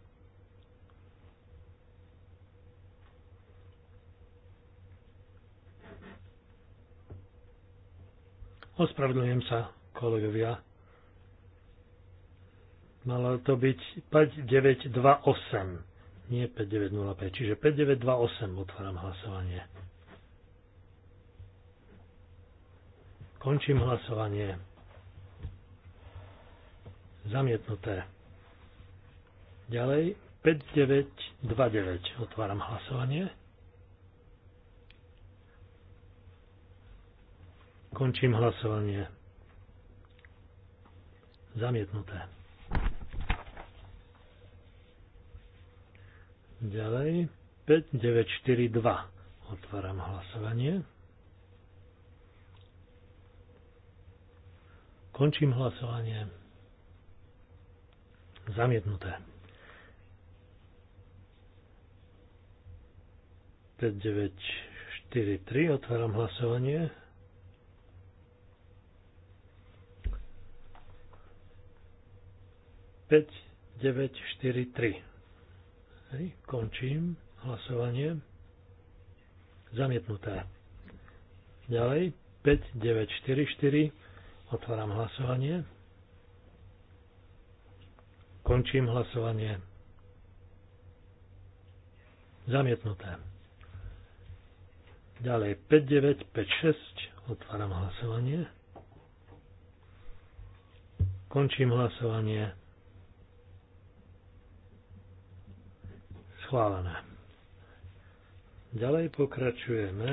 Ospravedlňujem sa, kolegovia. Malo to byť 5928, nie 5905. Čiže 5928 otváram hlasovanie. Končím hlasovanie. Zamietnuté. Ďalej 5929. Otváram hlasovanie. Končím hlasovanie. Zamietnuté. Ďalej 5942. Otváram hlasovanie. Končím hlasovanie. Zamietnuté. 9, 4, 3, otváram hlasovanie. Päť, deväť, štyri, tri. Hej, končím hlasovanie. Zamietnuté. Ďalej, 5, 9, 4, 4. Otváram hlasovanie. Končím hlasovanie. Zamietnuté. Ďalej 5, 9, 5, 6. Otváram hlasovanie. Končím hlasovanie. Schválené. Ďalej pokračujeme.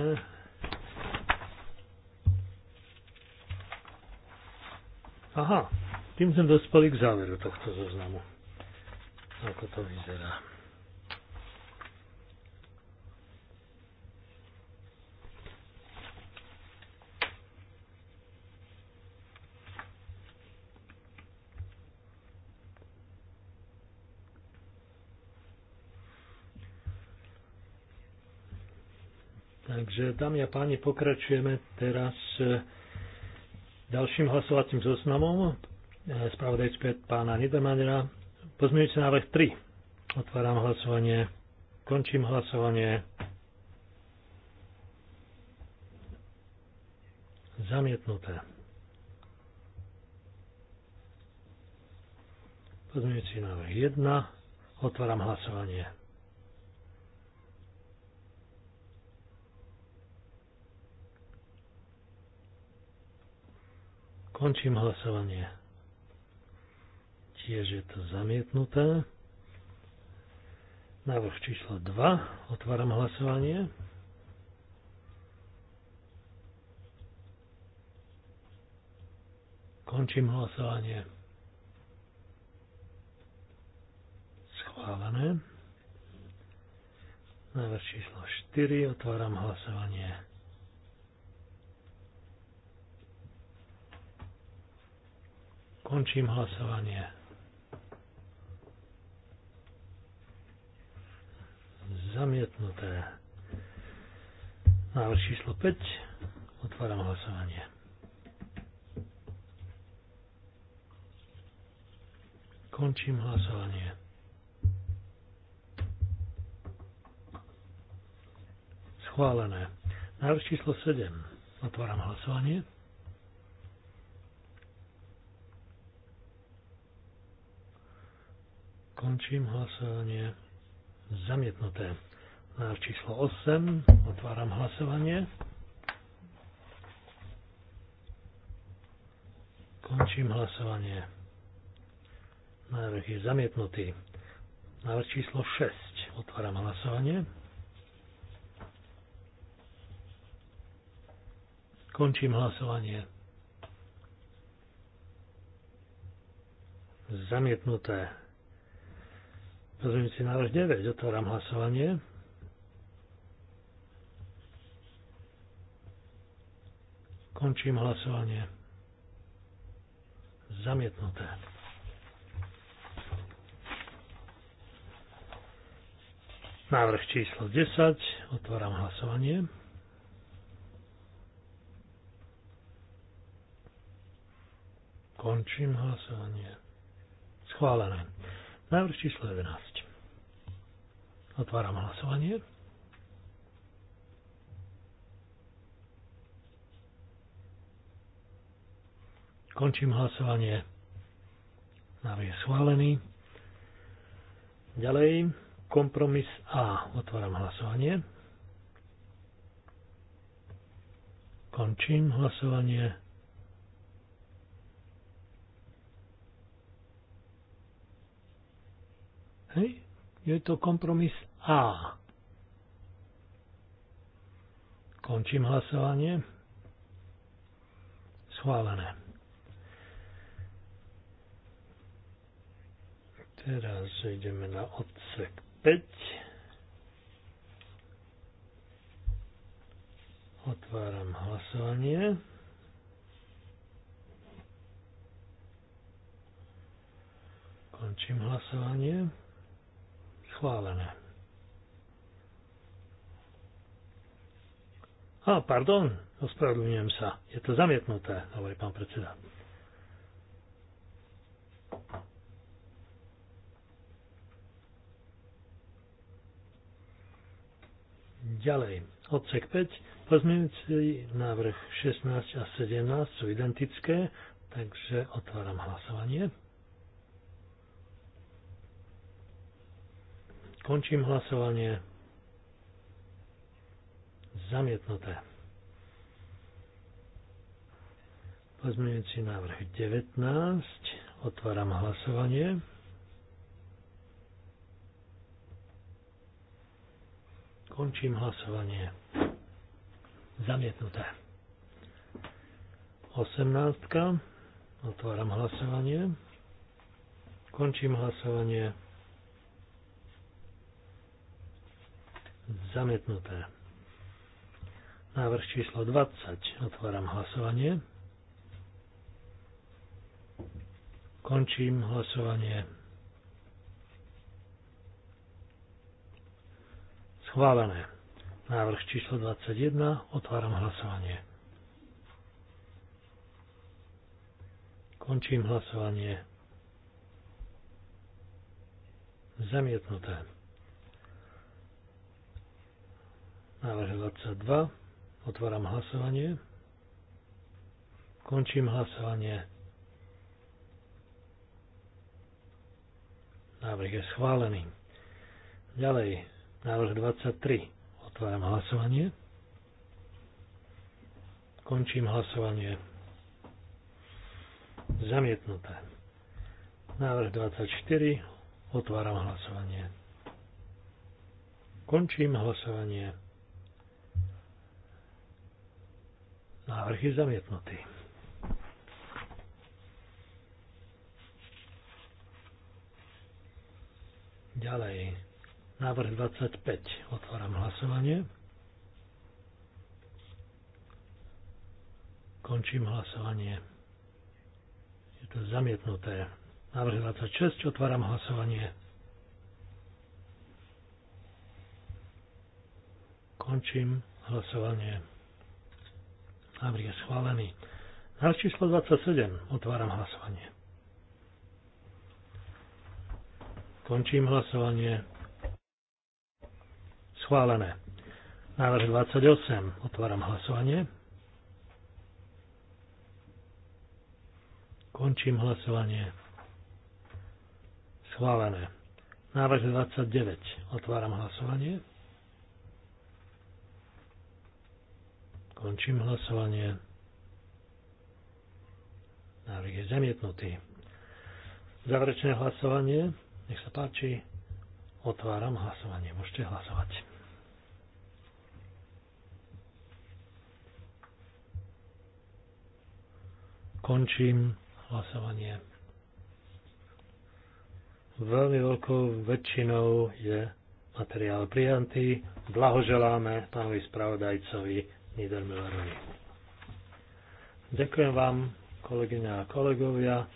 Aha, tým sme dospeli k záveru tohto zoznamu. Ako to vyzerá. Takže, dámy a páni, pokračujeme teraz ďalším hlasovacím zoznamom. Eh, spravodajské pána Niedermanera. Pozmeňujúci návrh 3. Otváram hlasovanie. Končím hlasovanie. Zamietnuté. Pozmeňujúci návrh 1. Otváram hlasovanie. Končím hlasovanie. Tiež je to zamietnuté. Návrh číslo 2. Otváram hlasovanie. Končím hlasovanie. Schválené. Návrh číslo 4. Otváram hlasovanie. Končím hlasovanie. zamietnuté. Návrh číslo 5. Otváram hlasovanie. Končím hlasovanie. Schválené. Návrh číslo 7. Otváram hlasovanie. Končím hlasovanie. Zamietnuté. Na číslo 8. Otváram hlasovanie. Končím hlasovanie. Návrh je zamietnutý. Návrh číslo 6. Otváram hlasovanie. Končím hlasovanie. Zamietnuté Pozmeňujúci návrh 9. Otváram hlasovanie. Končím hlasovanie. Zamietnuté. Návrh číslo 10. Otváram hlasovanie. Končím hlasovanie. Schválené. Návrh číslo 11. Otváram hlasovanie. Končím hlasovanie. Návrh je schválený. Ďalej, kompromis A. Otváram hlasovanie. Končím hlasovanie. Hej? Je to kompromis A. Končím hlasovanie. Schválené. Teraz ideme na odsek 5. Otváram hlasovanie. Končím hlasovanie. Schválené. A, pardon, ospravedlňujem sa. Je to zamietnuté, hovorí pán predseda. Ďalej, odsek 5, pozmienujúci návrh 16 a 17 sú identické, takže otváram hlasovanie. Končím hlasovanie. Zamietnuté. Pozmeňujúci návrh 19. Otváram hlasovanie. Končím hlasovanie. Zamietnuté. 18. Otváram hlasovanie. Končím hlasovanie. Zamietnuté. Návrh číslo 20. Otváram hlasovanie. Končím hlasovanie. Schválené. Návrh číslo 21. Otváram hlasovanie. Končím hlasovanie. Zamietnuté. Návrh 22. Otváram hlasovanie. Končím hlasovanie. Návrh je schválený. Ďalej, návrh 23. Otváram hlasovanie. Končím hlasovanie. Zamietnuté. Návrh 24. Otváram hlasovanie. Končím hlasovanie. Návrh je zamietnutý. Ďalej. Návrh 25. Otváram hlasovanie. Končím hlasovanie. Je to zamietnuté. Návrh 26. Otváram hlasovanie. Končím hlasovanie. Návrh je schválený. Na číslo 27. Otváram hlasovanie. Končím hlasovanie. Schválené. Návrh 28. Otváram hlasovanie. Končím hlasovanie. Schválené. Návrh 29. Otváram hlasovanie. Končím hlasovanie. Návrh je zamietnutý. Záverečné hlasovanie. Nech sa páči. Otváram hlasovanie. Môžete hlasovať. Končím hlasovanie. Veľmi veľkou väčšinou je materiál prijatý. Blahoželáme pánovi spravodajcovi Niedermüllerovi. Ďakujem vám, kolegyne a kolegovia.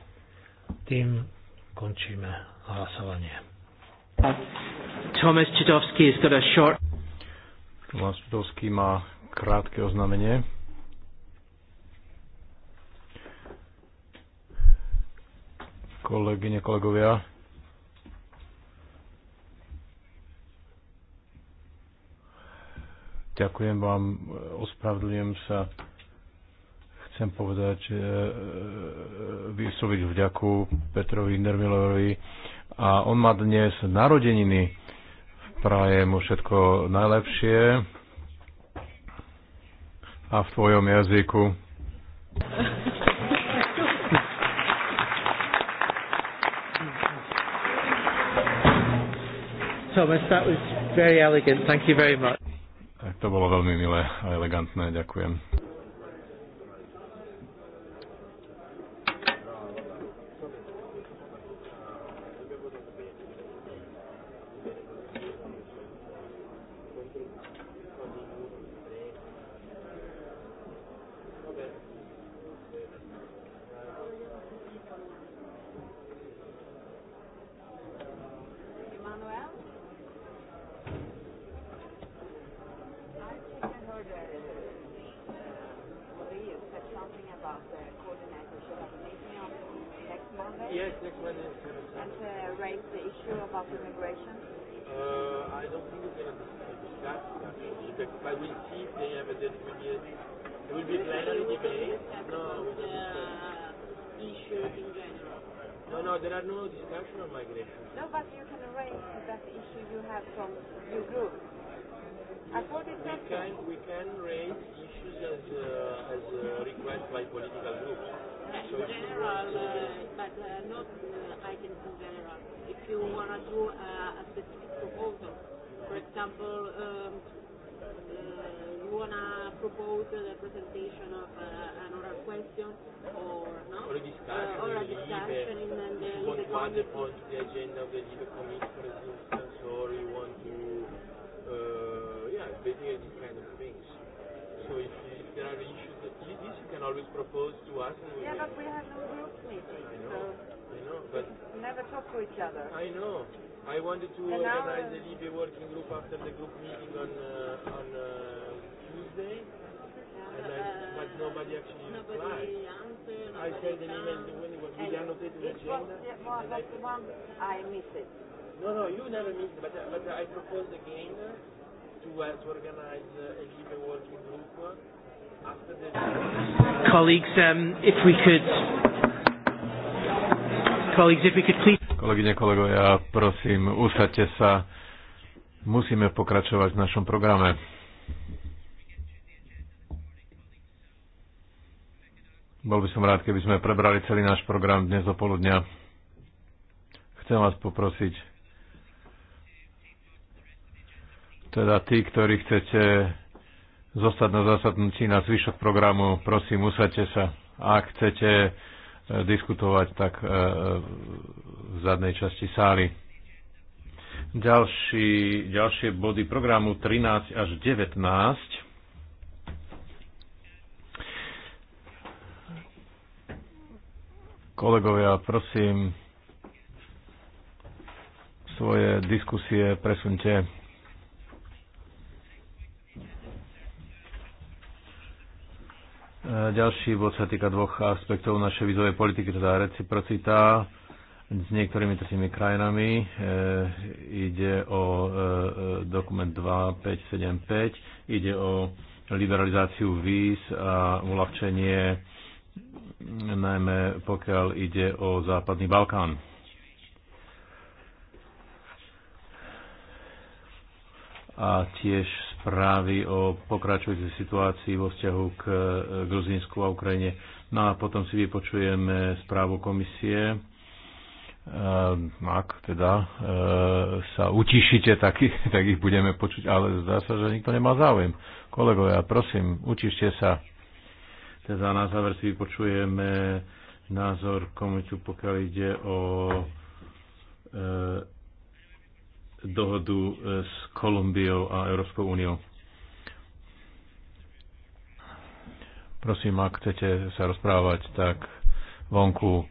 Tým končíme hlasovanie. Thomas Čidovský has got a short... Tomáš Čidovský má krátke oznámenie. Kolegyne, kolegovia, Ďakujem vám, ospravedlňujem sa. Chcem povedať, že e, e, e, vysloviť vďaku Petrovi Nermilovi a on má dnes narodeniny. Prajem mu všetko najlepšie a v tvojom jazyku. Thomas, that was very elegant. Thank you very much. To bolo veľmi milé a elegantné. Ďakujem. I propose again to, uh, to organize uh, a keep working group after the... Colleagues, um, if we could... Colleagues, if we could please... Kolegyne, kolegovia, prosím, usadte sa. Musíme pokračovať v našom programe. Bol by som rád, keby sme prebrali celý náš program dnes do poludnia. Chcem vás poprosiť, Teda tí, ktorí chcete zostať na zasadnutí na zvyšok programu, prosím, usadte sa. Ak chcete e, diskutovať, tak e, e, v zadnej časti sály. Ďalší, ďalšie body programu 13 až 19. Kolegovia, prosím, svoje diskusie presunte E, ďalší bod sa týka dvoch aspektov našej vizovej politiky, teda reciprocita s niektorými tými krajinami. E, ide o e, e dokument 2575, ide o liberalizáciu víz a uľahčenie najmä pokiaľ ide o Západný Balkán. A tiež správy o pokračujúcej situácii vo vzťahu k Gruzínsku a Ukrajine. No a potom si vypočujeme správu komisie. E, ak teda e, sa utišíte, tak, tak ich budeme počuť, ale zdá sa, že nikto nemá záujem. Kolegovia, prosím, utište sa. Teda na záver si vypočujeme názor komisiu, pokiaľ ide o e, dohodu e, s Kolumbiou a Európskou úniou. Prosím, ak chcete sa rozprávať, tak vonku.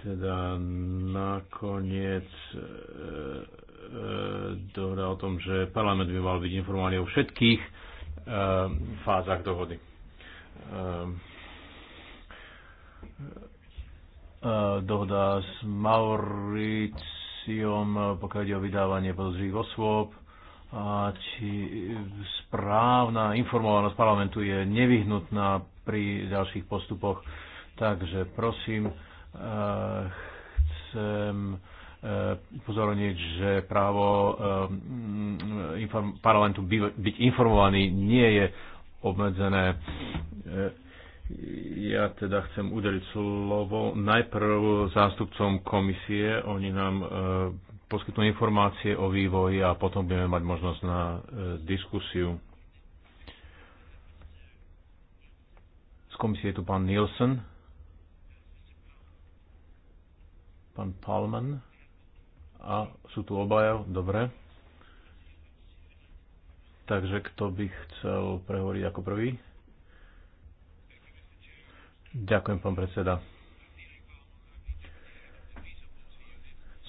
Teda nakoniec e, e, dohoda o tom, že parlament by mal byť informovaný o všetkých e, fázach dohody. E, e, dohoda s Mauric komisiom, eh, pokiaľ ide o vydávanie podozrivých osôb, a či správna informovanosť parlamentu je nevyhnutná pri ďalších postupoch. Takže prosím, eh, chcem eh, upozorniť, že právo parlamentu byť informovaný nie je obmedzené ja teda chcem udeliť slovo najprv zástupcom komisie. Oni nám e, poskytnú informácie o vývoji a potom budeme mať možnosť na e, diskusiu. Z komisie je tu pán Nielsen, pán Palman a sú tu obaja, dobre. Takže kto by chcel prehovoriť ako prvý? Ďakujem, pán predseda.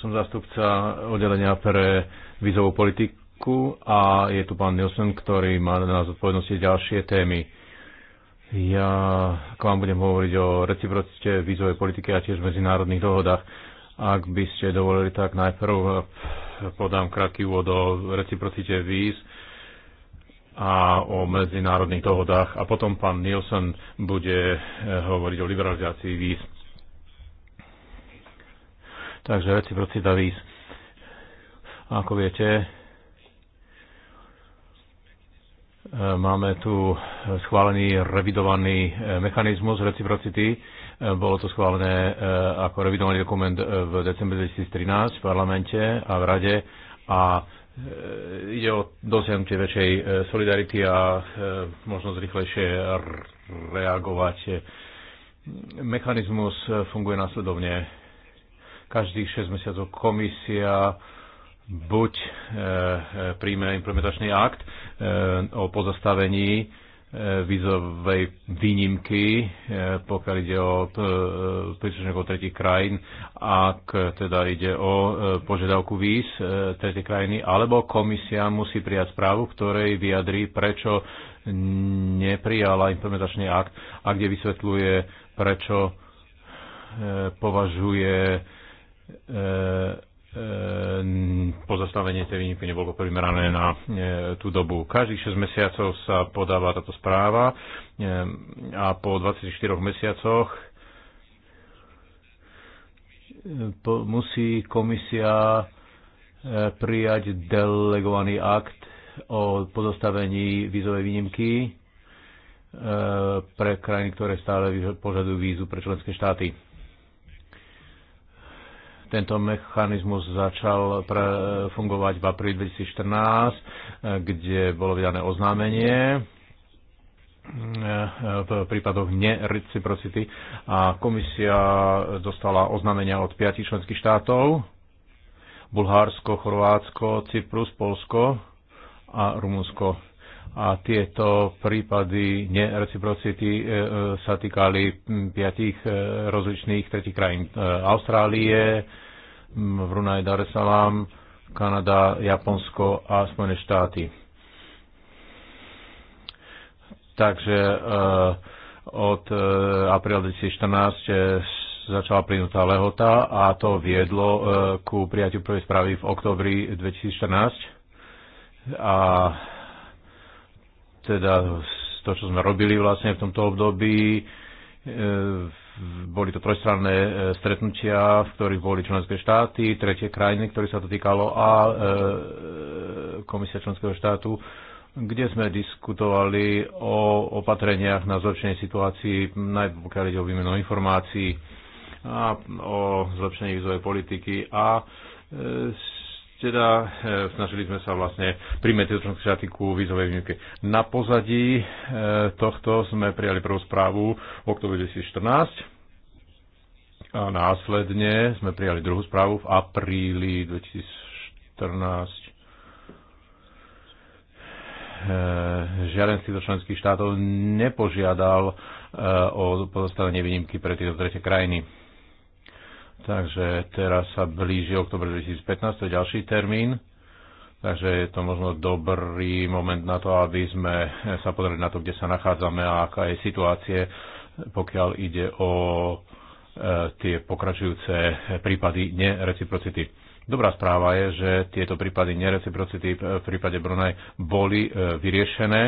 Som zastupca oddelenia pre vízovú politiku a je tu pán Nielsen, ktorý má na nás odpovednosti ďalšie témy. Ja k vám budem hovoriť o reciprocite vízovej politiky a tiež medzinárodných dohodách. Ak by ste dovolili, tak najprv podám krátky úvod o reciprocite víz a o medzinárodných dohodách a potom pán Nielsen bude eh, hovoriť o liberalizácii víz. Takže reciprocita víz. Ako viete, eh, máme tu schválený revidovaný eh, mechanizmus reciprocity. Bolo to schválené ako revidovaný dokument v decembri 2013 v parlamente a v rade a E, ide o dosiahnutie väčšej e, solidarity a e, možnosť rýchlejšie reagovať. Mechanizmus funguje následovne. Každých 6 mesiacov komisia buď príjme implementačný akt o pozastavení vízovej výnimky, e, pokiaľ ide o e, príslušníkov tretich krajín, ak teda ide o e, požiadavku víz tretej krajiny, alebo komisia musí prijať správu, ktorej vyjadrí, prečo neprijala implementačný akt a kde vysvetľuje, prečo považuje Ehm, pozastavenie tej výnimky nebolo primerané na e, tú dobu. Každých 6 mesiacov sa podáva táto správa ehm, a po 24 mesiacoch e, musí komisia e, prijať delegovaný akt o pozostavení vízovej výnimky pre krajiny, ktoré stále požadujú vízu pre členské štáty tento mechanizmus začal fungovať v apríli 2014, kde bolo vydané oznámenie eh, v prípadoch nereciprocity a komisia dostala oznámenia od piatich členských štátov Bulhársko, Chorvátsko, Cyprus, Polsko a Rumunsko a tieto prípady nereciprocity e, e, sa týkali piatich e, rozličných tretich krajín. Austrálie, Brunei Dar es Salaam, Kanada, Japonsko a Spojené štáty. Takže od apríla 2014 začala plynutá lehota a to viedlo ku prijatiu prvej správy v oktobri 2014 a teda to, čo sme robili vlastne v tomto období. E, boli to trojstranné e, stretnutia, v ktorých boli členské štáty, tretie krajiny, ktoré sa to týkalo a e, komisia členského štátu, kde sme diskutovali o opatreniach na zlepšenie situácii, najmä pokiaľ ide o výmenu informácií a o zlepšení vizovej politiky a teda e, snažili sme sa vlastne príjmať tieto členské štáty ku vízovej výnimke. Na pozadí e, tohto sme prijali prvú správu v oktobri 2014 a následne sme prijali druhú správu v apríli 2014. E, žiaden z týchto členských štátov nepožiadal o pozostavenie výnimky pre tieto tretie krajiny Takže teraz sa blíži oktober 2015, to je ďalší termín. Takže je to možno dobrý moment na to, aby sme sa pozreli na to, kde sa nachádzame a aká je situácia, pokiaľ ide o e, tie pokračujúce prípady nereciprocity. Dobrá správa je, že tieto prípady nereciprocity v prípade Brunaj boli e, vyriešené,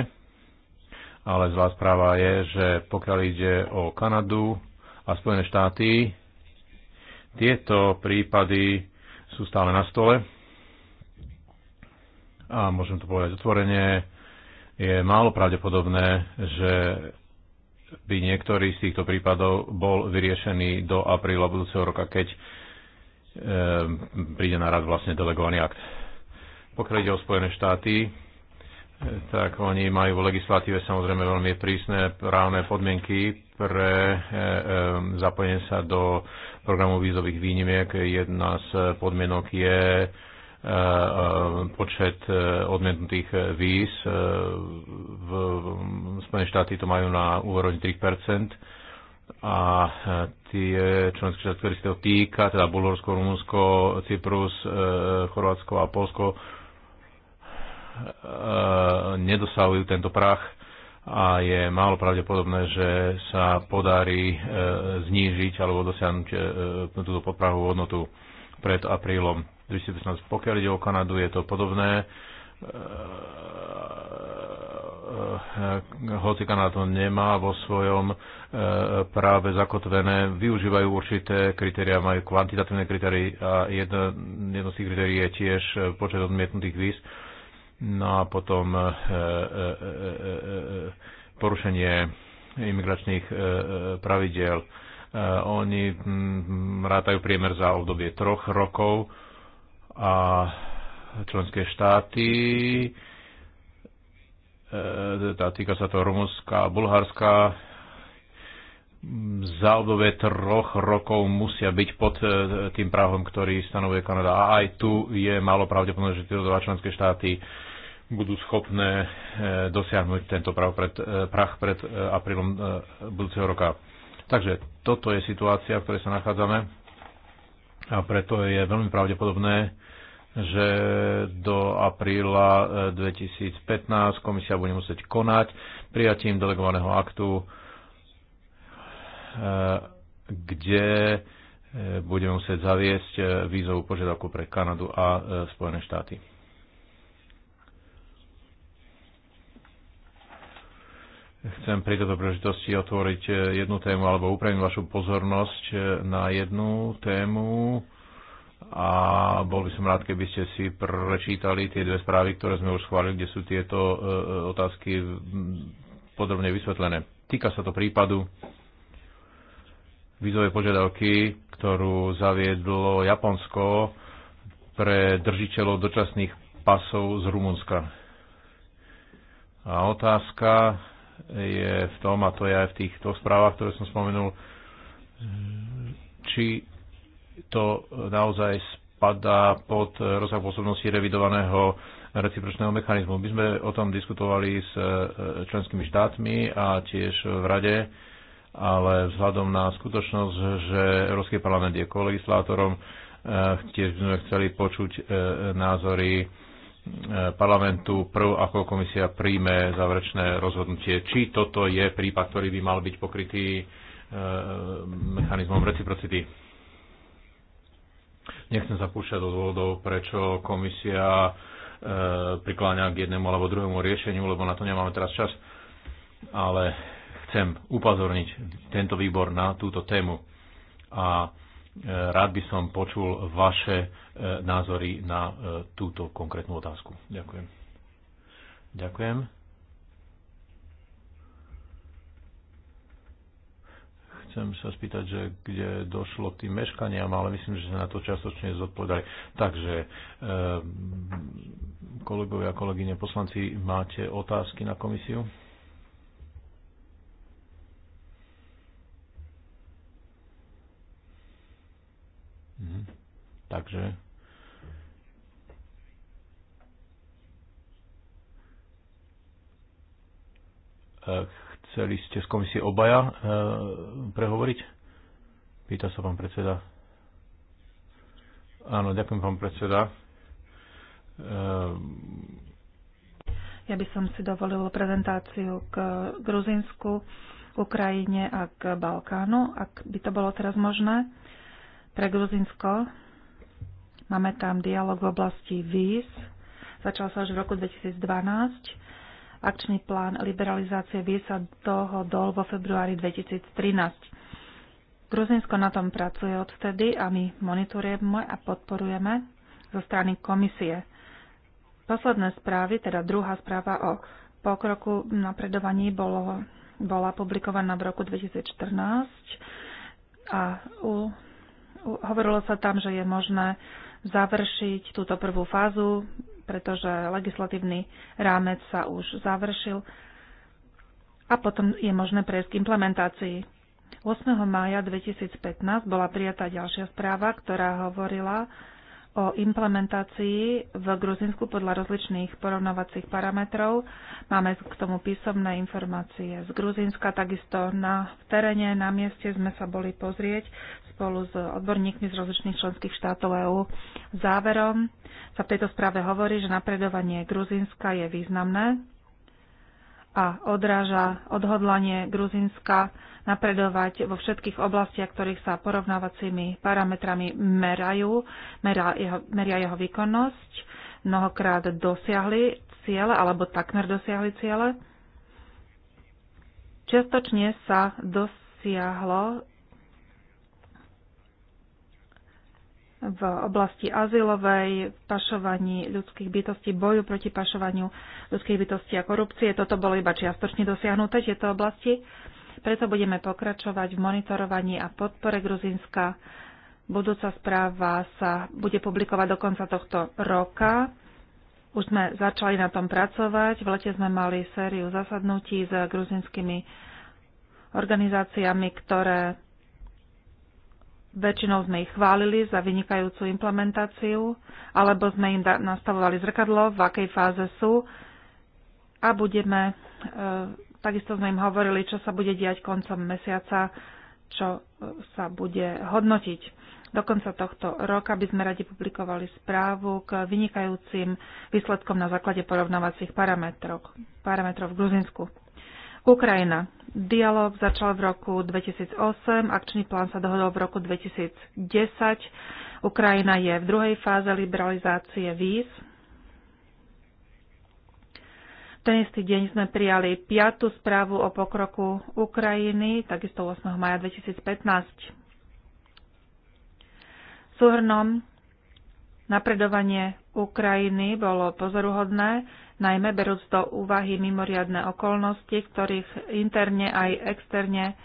ale zlá správa je, že pokiaľ ide o Kanadu a Spojené štáty, tieto prípady sú stále na stole a môžem to povedať otvorene, je málo pravdepodobné, že by niektorý z týchto prípadov bol vyriešený do apríla budúceho roka, keď e, príde na rad vlastne delegovaný akt. Pokiaľ ide o Spojené štáty, eh, tak oni majú v legislatíve samozrejme veľmi prísne právne podmienky pre e, e, zapojenie sa do programu vízových výnimiek. Jedna z podmienok je e, počet odmietnutých víz. V Spojené štáty to majú na úrovni 3 a tie členské štáty, ktoré sa to týka, teda Bulharsko, Rumunsko, Cyprus, Chorvátsko a Polsko, nedosahujú tento prach a je málo pravdepodobné, že sa podarí e, znížiť alebo dosiahnuť e, e, túto podprahovú hodnotu pred aprílom 2015. Pokiaľ ide o Kanadu, je to podobné. Hoci Kanada to nemá vo svojom práve zakotvené, využívajú určité kritéria, majú kvantitatívne kritéria a jedno, jedno z tých kritérií je tiež počet odmietnutých víz No a potom e, e, e, porušenie imigračných pravidel. Oni rátajú priemer za obdobie troch rokov a členské štáty, týka sa to Rumunska a Bulharska, za obdobie troch rokov musia byť pod tým právom, ktorý stanovuje Kanada. A aj tu je málo pravdepodobné, že tieto dva členské štáty budú schopné e, dosiahnuť tento e, prach pred, prach e, pred aprílom budúceho roka. Takže toto je situácia, v ktorej sa nachádzame a preto je veľmi pravdepodobné, že do apríla 2015 komisia bude musieť konať prijatím delegovaného aktu, kde budeme musieť zaviesť vízovú požiadavku pre Kanadu a Spojené štáty. Chcem pri tejto príležitosti otvoriť e, jednu tému alebo upraviť vašu pozornosť e, na jednu tému a bol by som rád, keby ste si prečítali tie dve správy, ktoré sme už schválili, kde sú tieto e, otázky podrobne vysvetlené. Týka sa to prípadu vízovej požiadavky, ktorú zaviedlo Japonsko pre držiteľov dočasných pasov z Rumunska. A otázka je v tom, a to je aj v týchto správach, ktoré som spomenul, či to naozaj spadá pod rozsah pôsobnosti revidovaného recipročného mechanizmu. My sme o tom diskutovali s e, členskými štátmi a tiež v Rade, ale vzhľadom na skutočnosť, že Európsky parlament je kolegislátorom, e, tiež sme chceli počuť e, názory parlamentu prv, ako komisia príjme záverečné rozhodnutie. Či toto je prípad, ktorý by mal byť pokrytý e, mechanizmom reciprocity. Nechcem sa púšťať do dôvodov, prečo komisia e, prikláňa k jednému alebo druhému riešeniu, lebo na to nemáme teraz čas. Ale chcem upozorniť tento výbor na túto tému a e, rád by som počul vaše E, názory na e, túto konkrétnu otázku. Ďakujem. Ďakujem. Chcem sa spýtať, že kde došlo k tým meškaniam, ale myslím, že sa na to častočne zodpovedali. Takže, e, kolegovia, kolegyne, poslanci, máte otázky na komisiu? Mhm. Takže Chceli ste z komisie obaja eh, prehovoriť? Pýta sa pán predseda. Áno, ďakujem pán predseda. Eh, ja by som si dovolil prezentáciu k Gruzinsku, Ukrajine a k Balkánu, ak by to bolo teraz možné. Pre Gruzinsko máme tam dialog v oblasti víz. Začal sa až v roku 2012 akčný plán liberalizácie toho dohodol vo februári 2013. Gruzinsko na tom pracuje odvtedy a my monitorujeme a podporujeme zo strany komisie. Posledné správy, teda druhá správa o pokroku napredovaní bolo, bola publikovaná v roku 2014 a u, u, hovorilo sa tam, že je možné završiť túto prvú fázu pretože legislatívny rámec sa už završil a potom je možné prejsť k implementácii. 8. mája 2015 bola prijatá ďalšia správa, ktorá hovorila o implementácii v Gruzinsku podľa rozličných porovnávacích parametrov. Máme k tomu písomné informácie z Gruzinska, takisto na v teréne, na mieste sme sa boli pozrieť spolu s odborníkmi z rozličných členských štátov EÚ. Záverom sa v tejto správe hovorí, že napredovanie Gruzinska je významné a odráža odhodlanie Gruzinska napredovať vo všetkých oblastiach, ktorých sa porovnávacími parametrami merajú, meria jeho, meria jeho výkonnosť, mnohokrát dosiahli ciele alebo takmer dosiahli ciele. Čiastočne sa dosiahlo v oblasti azylovej, pašovaní ľudských bytostí, boju proti pašovaniu ľudských bytostí a korupcie. Toto bolo iba čiastočne dosiahnuté, tieto oblasti. Preto budeme pokračovať v monitorovaní a podpore Gruzinska. Budúca správa sa bude publikovať do konca tohto roka. Už sme začali na tom pracovať. V lete sme mali sériu zasadnutí s gruzinskými organizáciami, ktoré väčšinou sme ich chválili za vynikajúcu implementáciu, alebo sme im nastavovali zrkadlo, v akej fáze sú a budeme e, Takisto sme im hovorili, čo sa bude diať koncom mesiaca, čo e, sa bude hodnotiť. Do konca tohto roka by sme radi publikovali správu k vynikajúcim výsledkom na základe porovnávacích parametrov, parametrov v Gruzinsku. Ukrajina. Dialóg začal v roku 2008, akčný plán sa dohodol v roku 2010. Ukrajina je v druhej fáze liberalizácie víz, ten istý deň sme prijali piatu správu o pokroku Ukrajiny, takisto 8. maja 2015. Súhrnom napredovanie Ukrajiny bolo pozoruhodné, najmä berúc do úvahy mimoriadne okolnosti, v ktorých interne aj externe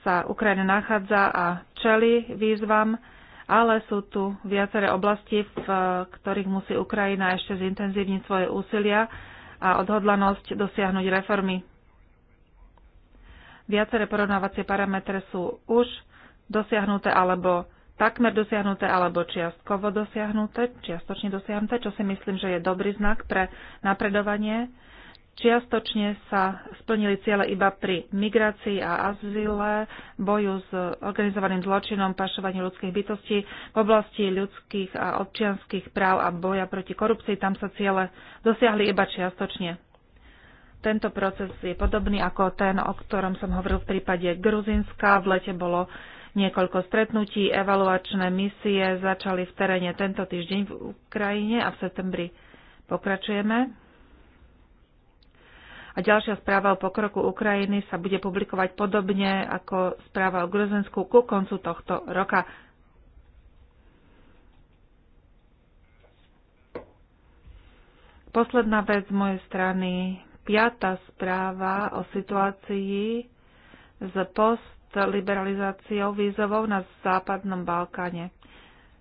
sa Ukrajina nachádza a čeli výzvam, ale sú tu viaceré oblasti, v ktorých musí Ukrajina ešte zintenzívniť svoje úsilia a odhodlanosť dosiahnuť reformy. Viaceré porovnávacie parametre sú už dosiahnuté alebo takmer dosiahnuté alebo čiastkovo dosiahnuté, čiastočne dosiahnuté, čo si myslím, že je dobrý znak pre napredovanie Čiastočne sa splnili ciele iba pri migrácii a azyle, boju s organizovaným zločinom, pašovaní ľudských bytostí, v oblasti ľudských a občianských práv a boja proti korupcii. Tam sa ciele dosiahli iba čiastočne. Tento proces je podobný ako ten, o ktorom som hovoril v prípade Gruzinska. V lete bolo niekoľko stretnutí, evaluačné misie začali v teréne tento týždeň v Ukrajine a v septembri pokračujeme a ďalšia správa o pokroku Ukrajiny sa bude publikovať podobne ako správa o Gruzensku ku koncu tohto roka. Posledná vec z mojej strany, piata správa o situácii s postliberalizáciou vízovou na Západnom Balkáne.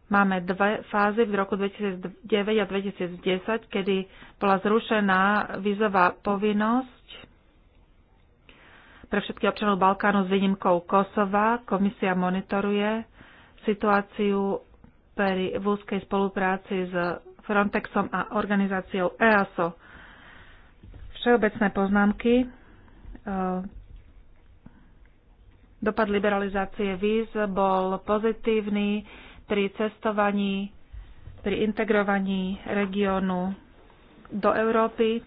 Máme dve fázy v roku 2009 a 2010, kedy bola zrušená vízová povinnosť pre všetky občanov Balkánu s výnimkou Kosova. Komisia monitoruje situáciu v úzkej spolupráci s Frontexom a organizáciou EASO. Všeobecné poznámky. Ehm, dopad liberalizácie víz bol pozitívny pri cestovaní, pri integrovaní regiónu do Európy.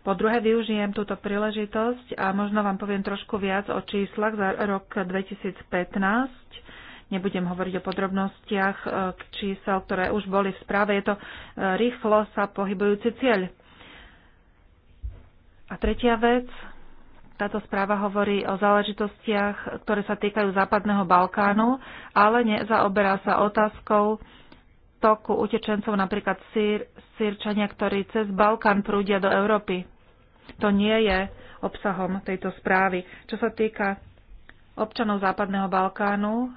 Po druhé, využijem túto príležitosť a možno vám poviem trošku viac o číslach za rok 2015. Nebudem hovoriť o podrobnostiach e, k čísel, ktoré už boli v správe. Je to e, rýchlo sa pohybujúci cieľ. A tretia vec, táto správa hovorí o záležitostiach, ktoré sa týkajú Západného Balkánu, ale nezaoberá sa otázkou toku utečencov, napríklad sír, sírčania, ktorí cez Balkán prúdia do Európy. To nie je obsahom tejto správy. Čo sa týka občanov Západného Balkánu,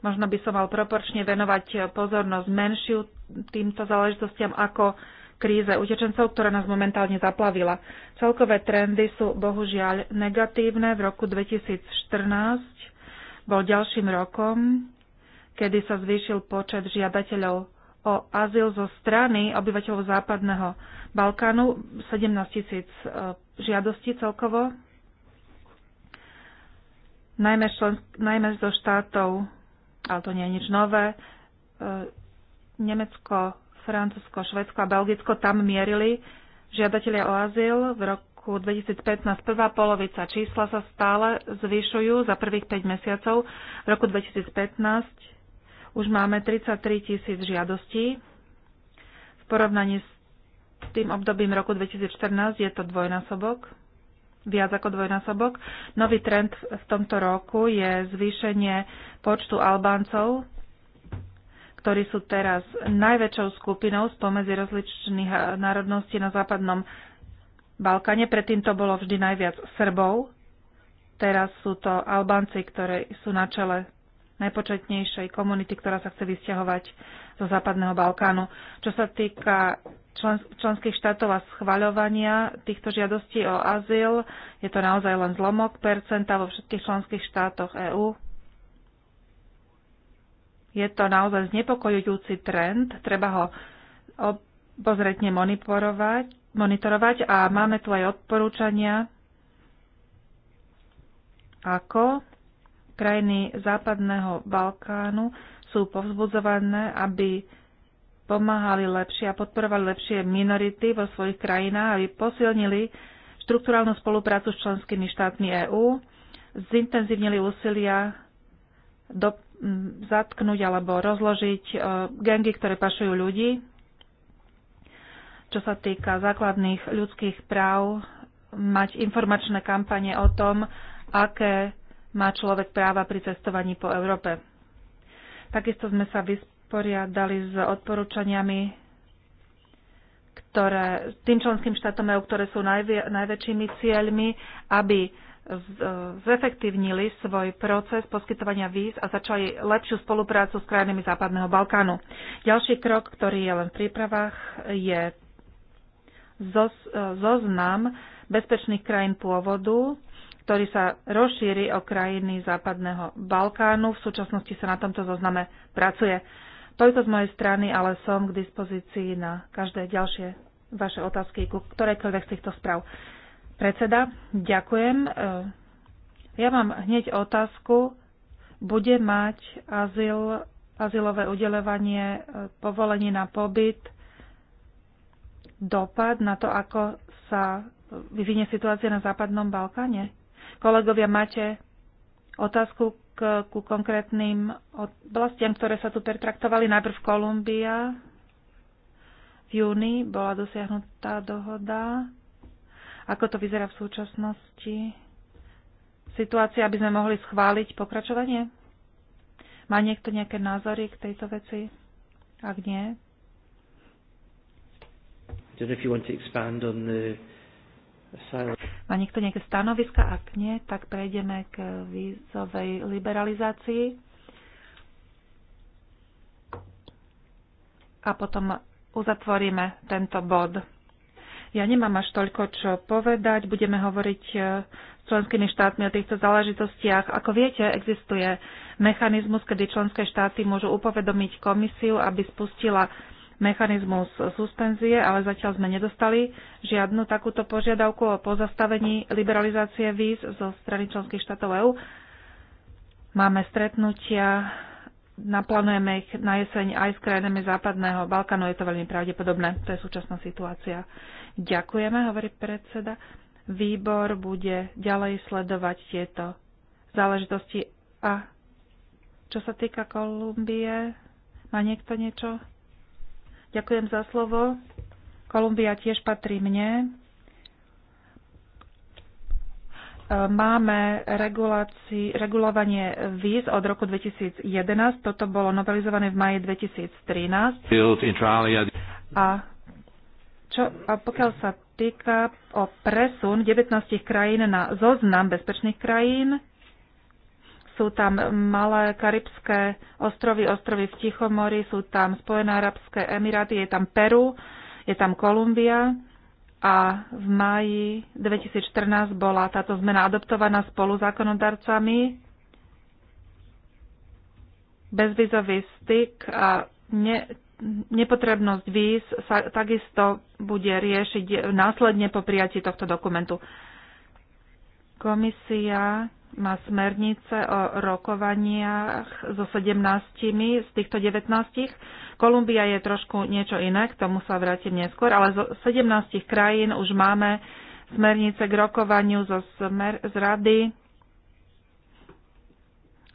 možno by som mal proporčne venovať pozornosť menšiu týmto záležitostiam ako kríze utečencov, ktorá nás momentálne zaplavila. Celkové trendy sú bohužiaľ negatívne. V roku 2014 bol ďalším rokom, kedy sa zvýšil počet žiadateľov o azyl zo strany obyvateľov západného Balkánu, 17 tisíc e, žiadostí celkovo, najmä, člen, najmä zo štátov, ale to nie je nič nové, e, Nemecko, Francúzsko, Švedsko a Belgicko, tam mierili žiadatelia o azyl v roku 2015. Prvá polovica čísla sa stále zvyšujú za prvých 5 mesiacov. V roku 2015 už máme 33 tisíc žiadostí. V porovnaní s tým obdobím roku 2014 je to dvojnásobok viac ako dvojnásobok. Nový trend v tomto roku je zvýšenie počtu Albáncov ktorí sú teraz najväčšou skupinou spomedzi rozličných národností na západnom Balkáne. Predtým to bolo vždy najviac Srbov, teraz sú to Albánci, ktorí sú na čele najpočetnejšej komunity, ktorá sa chce vysťahovať zo západného Balkánu. Čo sa týka členských štátov a schvaľovania týchto žiadostí o azyl, je to naozaj len zlomok percenta vo všetkých členských štátoch EÚ. Je to naozaj znepokojujúci trend, treba ho obozretne monitorovať, monitorovať a máme tu aj odporúčania, ako krajiny západného Balkánu sú povzbudzované, aby pomáhali lepšie a podporovali lepšie minority vo svojich krajinách, aby posilnili štruktúrálnu spoluprácu s členskými štátmi EÚ, zintenzívnili úsilia do zatknúť alebo rozložiť e, gengy, ktoré pašujú ľudí. Čo sa týka základných ľudských práv, mať informačné kampane o tom, aké má človek práva pri cestovaní po Európe. Takisto sme sa vysporiadali s odporúčaniami, ktoré tým členským štátom EU, ktoré sú najvi, najväčšími cieľmi, aby E, zefektívnili svoj proces poskytovania víz a začali lepšiu spoluprácu s krajinami Západného Balkánu. Ďalší krok, ktorý je len v prípravách, je e, zoznam bezpečných krajín pôvodu, ktorý sa rozšíri o krajiny Západného Balkánu. V súčasnosti sa na tomto zozname pracuje. Toľko z mojej strany, ale som k dispozícii na každé ďalšie vaše otázky ku ktorejkoľvek z týchto správ. Predseda, ďakujem. E, ja mám hneď otázku. Bude mať azyl, azylové udelovanie e, povolenie na pobyt dopad na to, ako sa vyvinie situácia na Západnom Balkáne? Kolegovia, máte otázku k, ku konkrétnym oblastiam, ktoré sa tu pertraktovali. Najprv Kolumbia. V júni bola dosiahnutá dohoda ako to vyzerá v súčasnosti? Situácia, aby sme mohli schváliť pokračovanie? Má niekto nejaké názory k tejto veci? Ak nie? Má niekto nejaké stanoviska? Ak nie, tak prejdeme k vízovej liberalizácii. A potom uzatvoríme tento bod. Ja nemám až toľko čo povedať. Budeme hovoriť e, s členskými štátmi o týchto záležitostiach. Ako viete, existuje mechanizmus, kedy členské štáty môžu upovedomiť komisiu, aby spustila mechanizmus suspenzie, ale zatiaľ sme nedostali žiadnu takúto požiadavku o pozastavení liberalizácie víz zo strany členských štátov EÚ. Máme stretnutia, naplánujeme ich na jeseň aj s krajinami Západného Balkánu, je to veľmi pravdepodobné, to je súčasná situácia. Ďakujeme, hovorí predseda. Výbor bude ďalej sledovať tieto záležitosti. A čo sa týka Kolumbie, má niekto niečo? Ďakujem za slovo. Kolumbia tiež patrí mne. E, máme regulovanie víz od roku 2011. Toto bolo novelizované v maji 2013. A čo, a pokiaľ sa týka o presun 19 krajín na zoznam bezpečných krajín, sú tam malé karibské ostrovy, ostrovy v Tichomori, sú tam Spojené arabské emiráty, je tam Peru, je tam Kolumbia a v máji 2014 bola táto zmena adoptovaná spolu zákonodarcami. Bezvizový styk a ne, nepotrebnosť víz sa takisto bude riešiť následne po prijatí tohto dokumentu. Komisia má smernice o rokovaniach so 17 z týchto 19. Kolumbia je trošku niečo iné, k tomu sa vrátim neskôr, ale zo 17 krajín už máme smernice k rokovaniu zo smer- z rady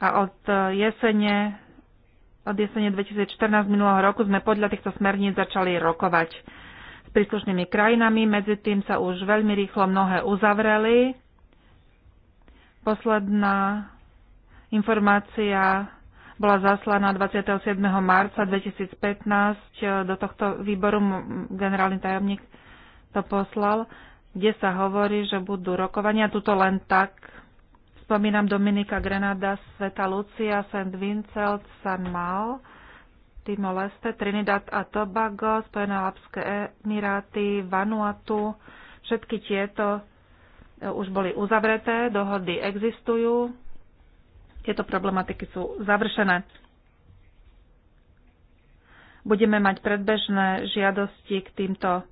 a od jesene od jesene 2014 minulého roku sme podľa týchto smerníc začali rokovať s príslušnými krajinami. Medzi tým sa už veľmi rýchlo mnohé uzavreli. Posledná informácia bola zaslaná 27. marca 2015 do tohto výboru. Generálny tajomník to poslal, kde sa hovorí, že budú rokovania. Tuto len tak Spomínam Dominika Grenada, Sveta Lucia, St. Vincent, San Mal, Timo Leste, Trinidad a Tobago, Spojené Arabské Emiráty, Vanuatu. Všetky tieto e, už boli uzavreté, dohody existujú, tieto problematiky sú završené. Budeme mať predbežné žiadosti k týmto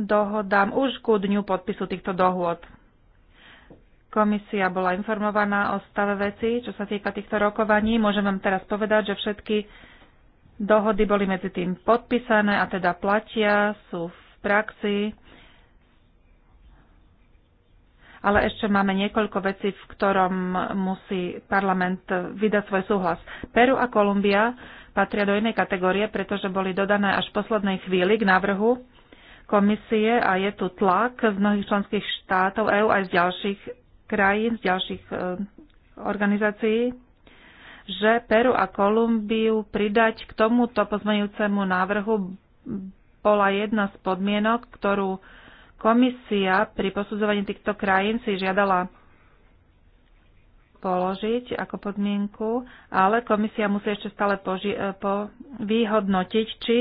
dohodám už ku dňu podpisu týchto dohôd. Komisia bola informovaná o stave veci, čo sa týka týchto rokovaní. Môžem vám teraz povedať, že všetky dohody boli medzi tým podpísané a teda platia, sú v praxi. Ale ešte máme niekoľko vecí, v ktorom musí parlament vydať svoj súhlas. Peru a Kolumbia patria do inej kategórie, pretože boli dodané až v poslednej chvíli k návrhu komisie a je tu tlak z mnohých členských štátov EÚ aj z ďalších krajín, z ďalších e, organizácií, že Peru a Kolumbiu pridať k tomuto pozmeňujúcemu návrhu bola jedna z podmienok, ktorú komisia pri posudzovaní týchto krajín si žiadala položiť ako podmienku, ale komisia musí ešte stále e, po vyhodnotiť, či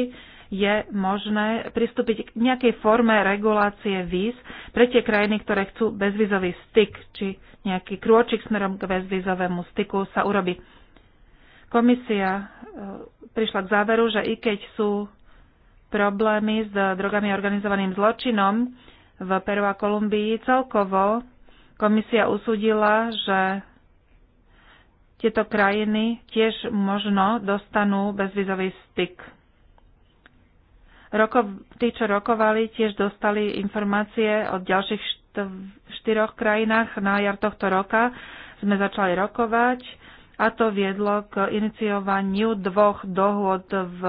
je možné pristúpiť k nejakej forme regulácie víz pre tie krajiny, ktoré chcú bezvizový styk, či nejaký krôčik smerom k bezvizovému styku sa urobi. Komisia e, prišla k záveru, že i keď sú problémy s drogami a organizovaným zločinom v Peru a Kolumbii, celkovo komisia usúdila, že tieto krajiny tiež možno dostanú bezvizový styk Roko, tí, čo rokovali, tiež dostali informácie od ďalších štyroch krajinách. Na jar tohto roka sme začali rokovať a to viedlo k iniciovaniu dvoch dohôd v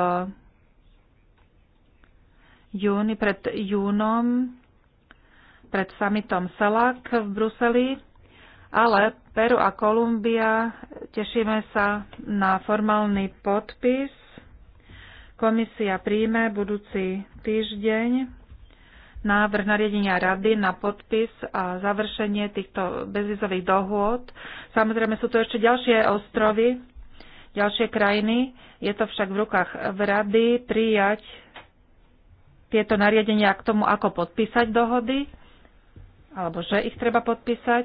júni, pred júnom, pred summitom CELAC v Bruseli, ale Peru a Kolumbia tešíme sa na formálny podpis Komisia príjme budúci týždeň návrh nariadenia rady na podpis a završenie týchto bezvizových dohôd. Samozrejme sú to ešte ďalšie ostrovy, ďalšie krajiny. Je to však v rukách v rady prijať tieto nariadenia k tomu, ako podpísať dohody, alebo že ich treba podpísať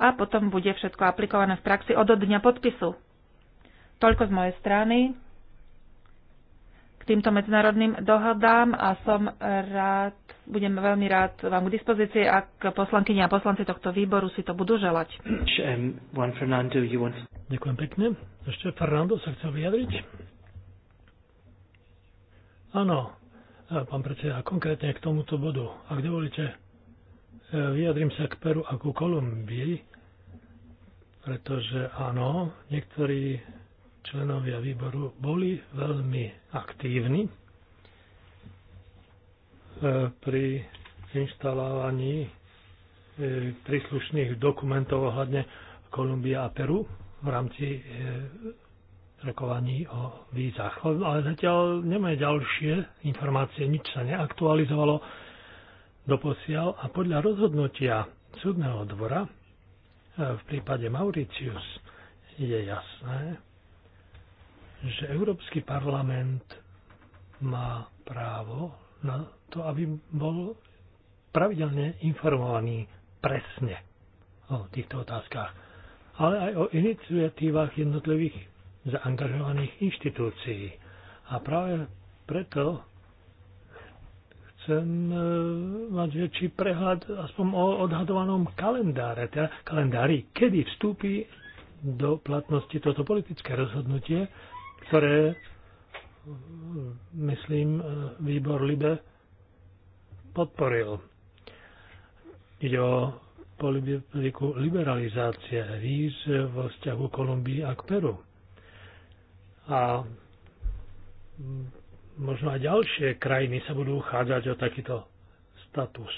a potom bude všetko aplikované v praxi od dňa podpisu. Toľko z mojej strany k týmto medzinárodným dohodám a som rád, budem veľmi rád vám k dispozícii, ak poslankyni a poslanci tohto výboru si to budú želať. Um, Ďakujem pekne. Ešte Fernando sa chcel vyjadriť. Áno, e, pán predseda, konkrétne k tomuto bodu. Ak dovolíte, e, vyjadrím sa k Peru a ku Kolumbii, pretože áno, niektorí členovia výboru boli veľmi aktívni e, pri inštalovaní e, príslušných dokumentov ohľadne Kolumbia a Peru v rámci e, rokovaní o vízach. Ale zatiaľ nemajú ďalšie informácie, nič sa neaktualizovalo doposiaľ a podľa rozhodnutia súdneho dvora v prípade Mauritius je jasné, že Európsky parlament má právo na to, aby bol pravidelne informovaný presne o týchto otázkach, ale aj o iniciatívach jednotlivých zaangažovaných inštitúcií. A práve preto chcem e, mať väčší prehľad aspoň o odhadovanom kalendáre, teda kalendári, kedy vstúpi do platnosti toto politické rozhodnutie ktoré, myslím, výbor Libe podporil. Ide o politiku liberalizácie víz vo vzťahu Kolumbii a k Peru. A možno aj ďalšie krajiny sa budú uchádzať o takýto status,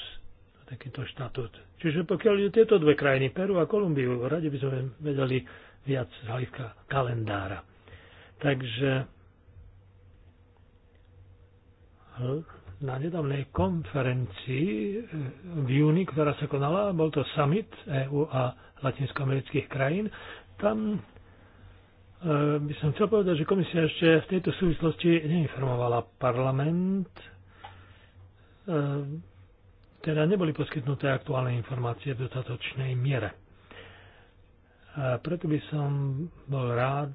o takýto štatút. Čiže pokiaľ tieto dve krajiny, Peru a Kolumbiu, radi by sme vedeli viac z hľadiska kalendára. Takže na nedávnej konferencii v júni, ktorá sa konala, bol to summit EU a latinskoamerických krajín, tam e, by som chcel povedať, že komisia ešte v tejto súvislosti neinformovala parlament, e, teda neboli poskytnuté aktuálne informácie v dostatočnej miere. E, preto by som bol rád,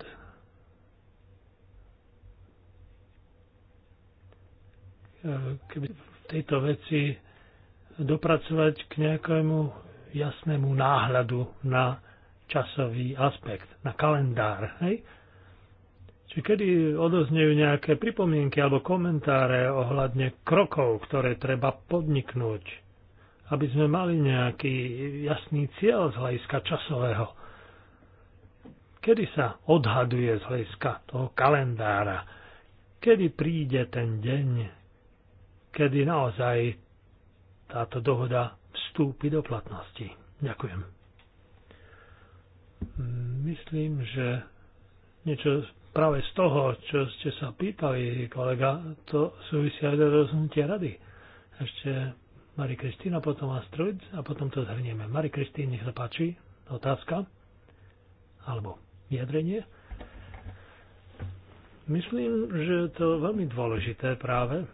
keby v tejto veci dopracovať k nejakému jasnému náhľadu na časový aspekt, na kalendár. Hej? Či kedy odoznejú nejaké pripomienky alebo komentáre ohľadne krokov, ktoré treba podniknúť, aby sme mali nejaký jasný cieľ z hľadiska časového. Kedy sa odhaduje z hľadiska toho kalendára? Kedy príde ten deň, kedy naozaj táto dohoda vstúpi do platnosti. Ďakujem. Myslím, že niečo práve z toho, čo ste sa pýtali, kolega, to súvisia aj do rozhodnutia rady. Ešte Mari Kristína, potom Astrid a potom to zhrnieme. Mari Kristýn, nech sa páči, otázka alebo vyjadrenie. Myslím, že je to veľmi dôležité práve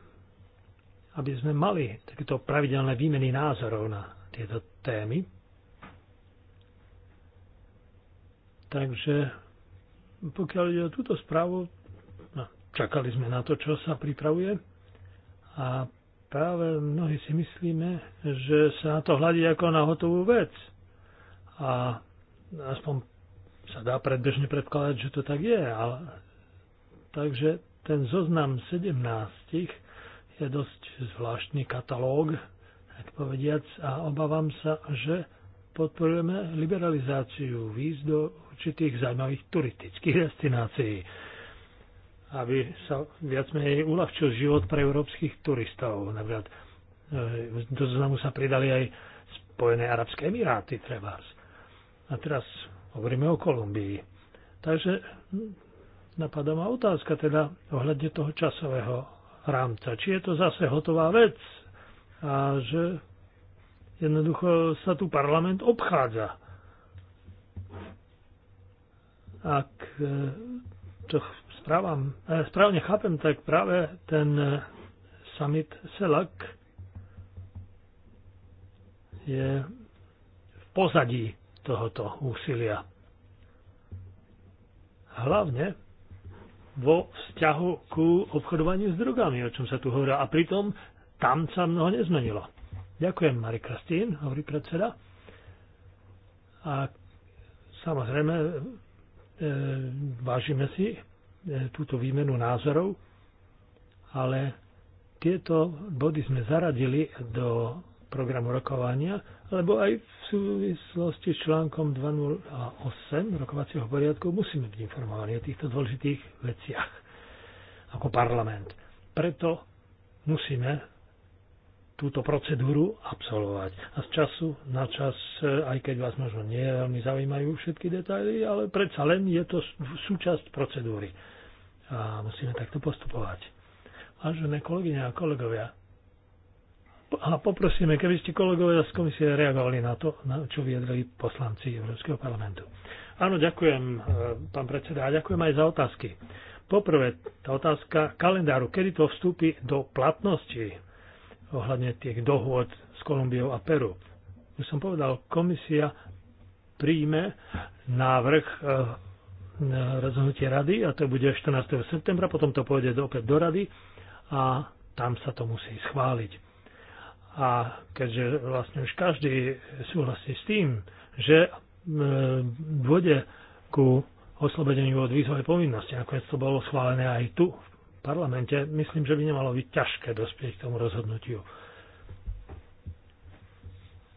aby sme mali takéto pravidelné výmeny názorov na tieto témy. Takže pokiaľ ide o túto správu, no, čakali sme na to, čo sa pripravuje a práve mnohí si myslíme, že sa na to hľadí ako na hotovú vec. A aspoň sa dá predbežne predkladať, že to tak je. Ale... Takže ten zoznam 17 je dosť zvláštny katalóg, tak povediac, a obávam sa, že podporujeme liberalizáciu víz do určitých zaujímavých turistických destinácií, aby sa viac menej uľahčil život pre európskych turistov. Napríklad e, do zoznamu sa pridali aj Spojené Arabské Emiráty, treba. A teraz hovoríme o Kolumbii. Takže napadá ma otázka teda ohľadne toho časového rámca. Či je to zase hotová vec a že jednoducho sa tu parlament obchádza. Ak e, to správam, e, správne chápem, tak práve ten e, summit SELAC je v pozadí tohoto úsilia. Hlavne vo vzťahu ku obchodovaniu s drogami, o čom sa tu hovorí. A pritom tam sa mnoho nezmenilo. Ďakujem, Mari Krastín, hovorí predseda. A samozrejme, e, vážime si e, túto výmenu názorov, ale tieto body sme zaradili do programu rokovania, lebo aj v súvislosti s článkom 208 rokovacieho poriadku musíme byť informovaní o týchto dôležitých veciach ako parlament. Preto musíme túto procedúru absolvovať. A z času na čas, aj keď vás možno nie veľmi zaujímajú všetky detaily, ale predsa len je to súčasť procedúry. A musíme takto postupovať. Vážené kolegyne a kolegovia, a poprosíme, keby ste kolegovia z komisie reagovali na to, na čo vyjadrili poslanci Európskeho parlamentu. Áno, ďakujem, e, pán predseda, a ďakujem aj za otázky. Poprvé, tá otázka kalendáru, kedy to vstúpi do platnosti ohľadne tých dohôd s Kolumbiou a Peru. Už som povedal, komisia príjme návrh e, rozhodnutie rady a to bude 14. septembra, potom to pôjde opäť do rady a tam sa to musí schváliť. A keďže vlastne už každý súhlasí s tým, že e, dôjde ku oslobodeniu od výzovej povinnosti, nakoniec to bolo schválené aj tu v parlamente, myslím, že by nemalo byť ťažké dospieť k tomu rozhodnutiu.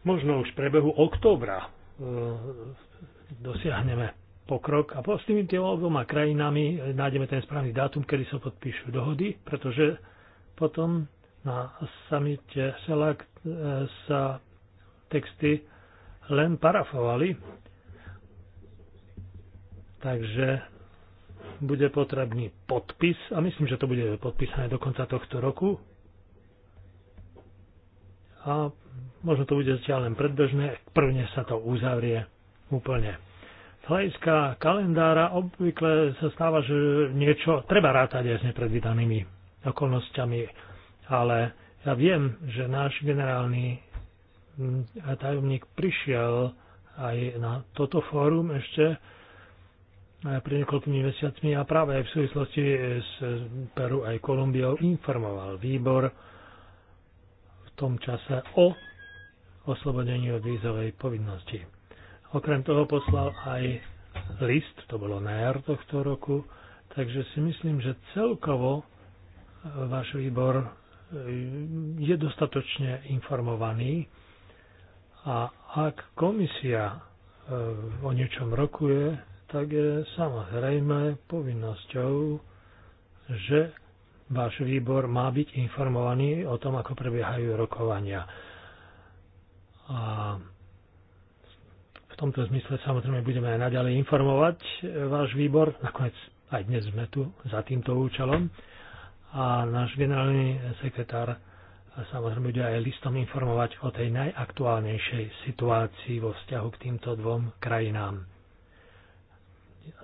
Možno už v prebehu októbra e, dosiahneme pokrok a s tými oboma krajinami nájdeme ten správny dátum, kedy sa podpíšu dohody, pretože potom na samite Selak e, sa texty len parafovali, takže bude potrebný podpis a myslím, že to bude podpísané do konca tohto roku. A možno to bude zatiaľ len predbežné, prvne sa to uzavrie úplne. Z hľadiska kalendára obvykle sa stáva, že niečo treba rátať aj s nepredvídanými okolnosťami ale ja viem, že náš generálny tajomník prišiel aj na toto fórum ešte eh, pred niekoľkými mesiacmi a práve aj v súvislosti s Peru aj Kolumbiou informoval výbor v tom čase o oslobodení od vízovej povinnosti. Okrem toho poslal aj list, to bolo na jar tohto roku, takže si myslím, že celkovo eh, váš výbor E, je dostatočne informovaný a ak komisia e, o niečom rokuje, tak je samozrejme povinnosťou, že váš výbor má byť informovaný o tom, ako prebiehajú rokovania. A v tomto zmysle samozrejme budeme aj naďalej informovať e, váš výbor. Nakoniec aj dnes sme tu za týmto účelom a náš generálny sekretár samozrejme bude aj listom informovať o tej najaktuálnejšej situácii vo vzťahu k týmto dvom krajinám.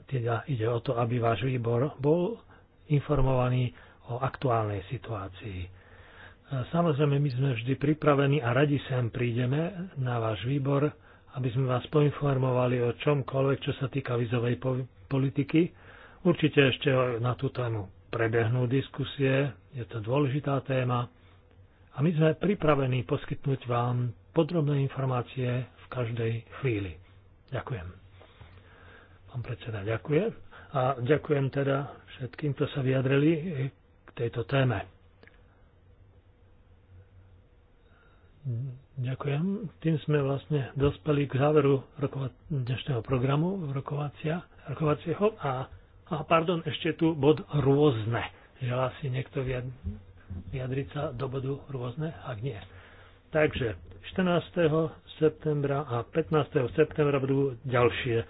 Teda ide o to, aby váš výbor bol informovaný o aktuálnej situácii. Samozrejme, my sme vždy pripravení a radi sem prídeme na váš výbor, aby sme vás poinformovali o čomkoľvek, čo sa týka vizovej politiky. Určite ešte na tú tému prebehnú diskusie, je to dôležitá téma a my sme pripravení poskytnúť vám podrobné informácie v každej chvíli. Ďakujem. Pán predseda, ďakujem. A ďakujem teda všetkým, kto sa vyjadrili k tejto téme. Ďakujem. Tým sme vlastne dospeli k záveru dnešného programu rokovacia, rokovacieho a a pardon, ešte tu bod rôzne. Želá si niekto vyjadriť sa do bodu rôzne? Ak nie. Takže 14. septembra a 15. septembra budú ďalšie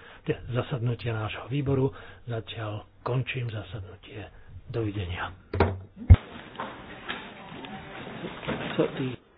zasadnutia nášho výboru. Zatiaľ končím zasadnutie. Dovidenia.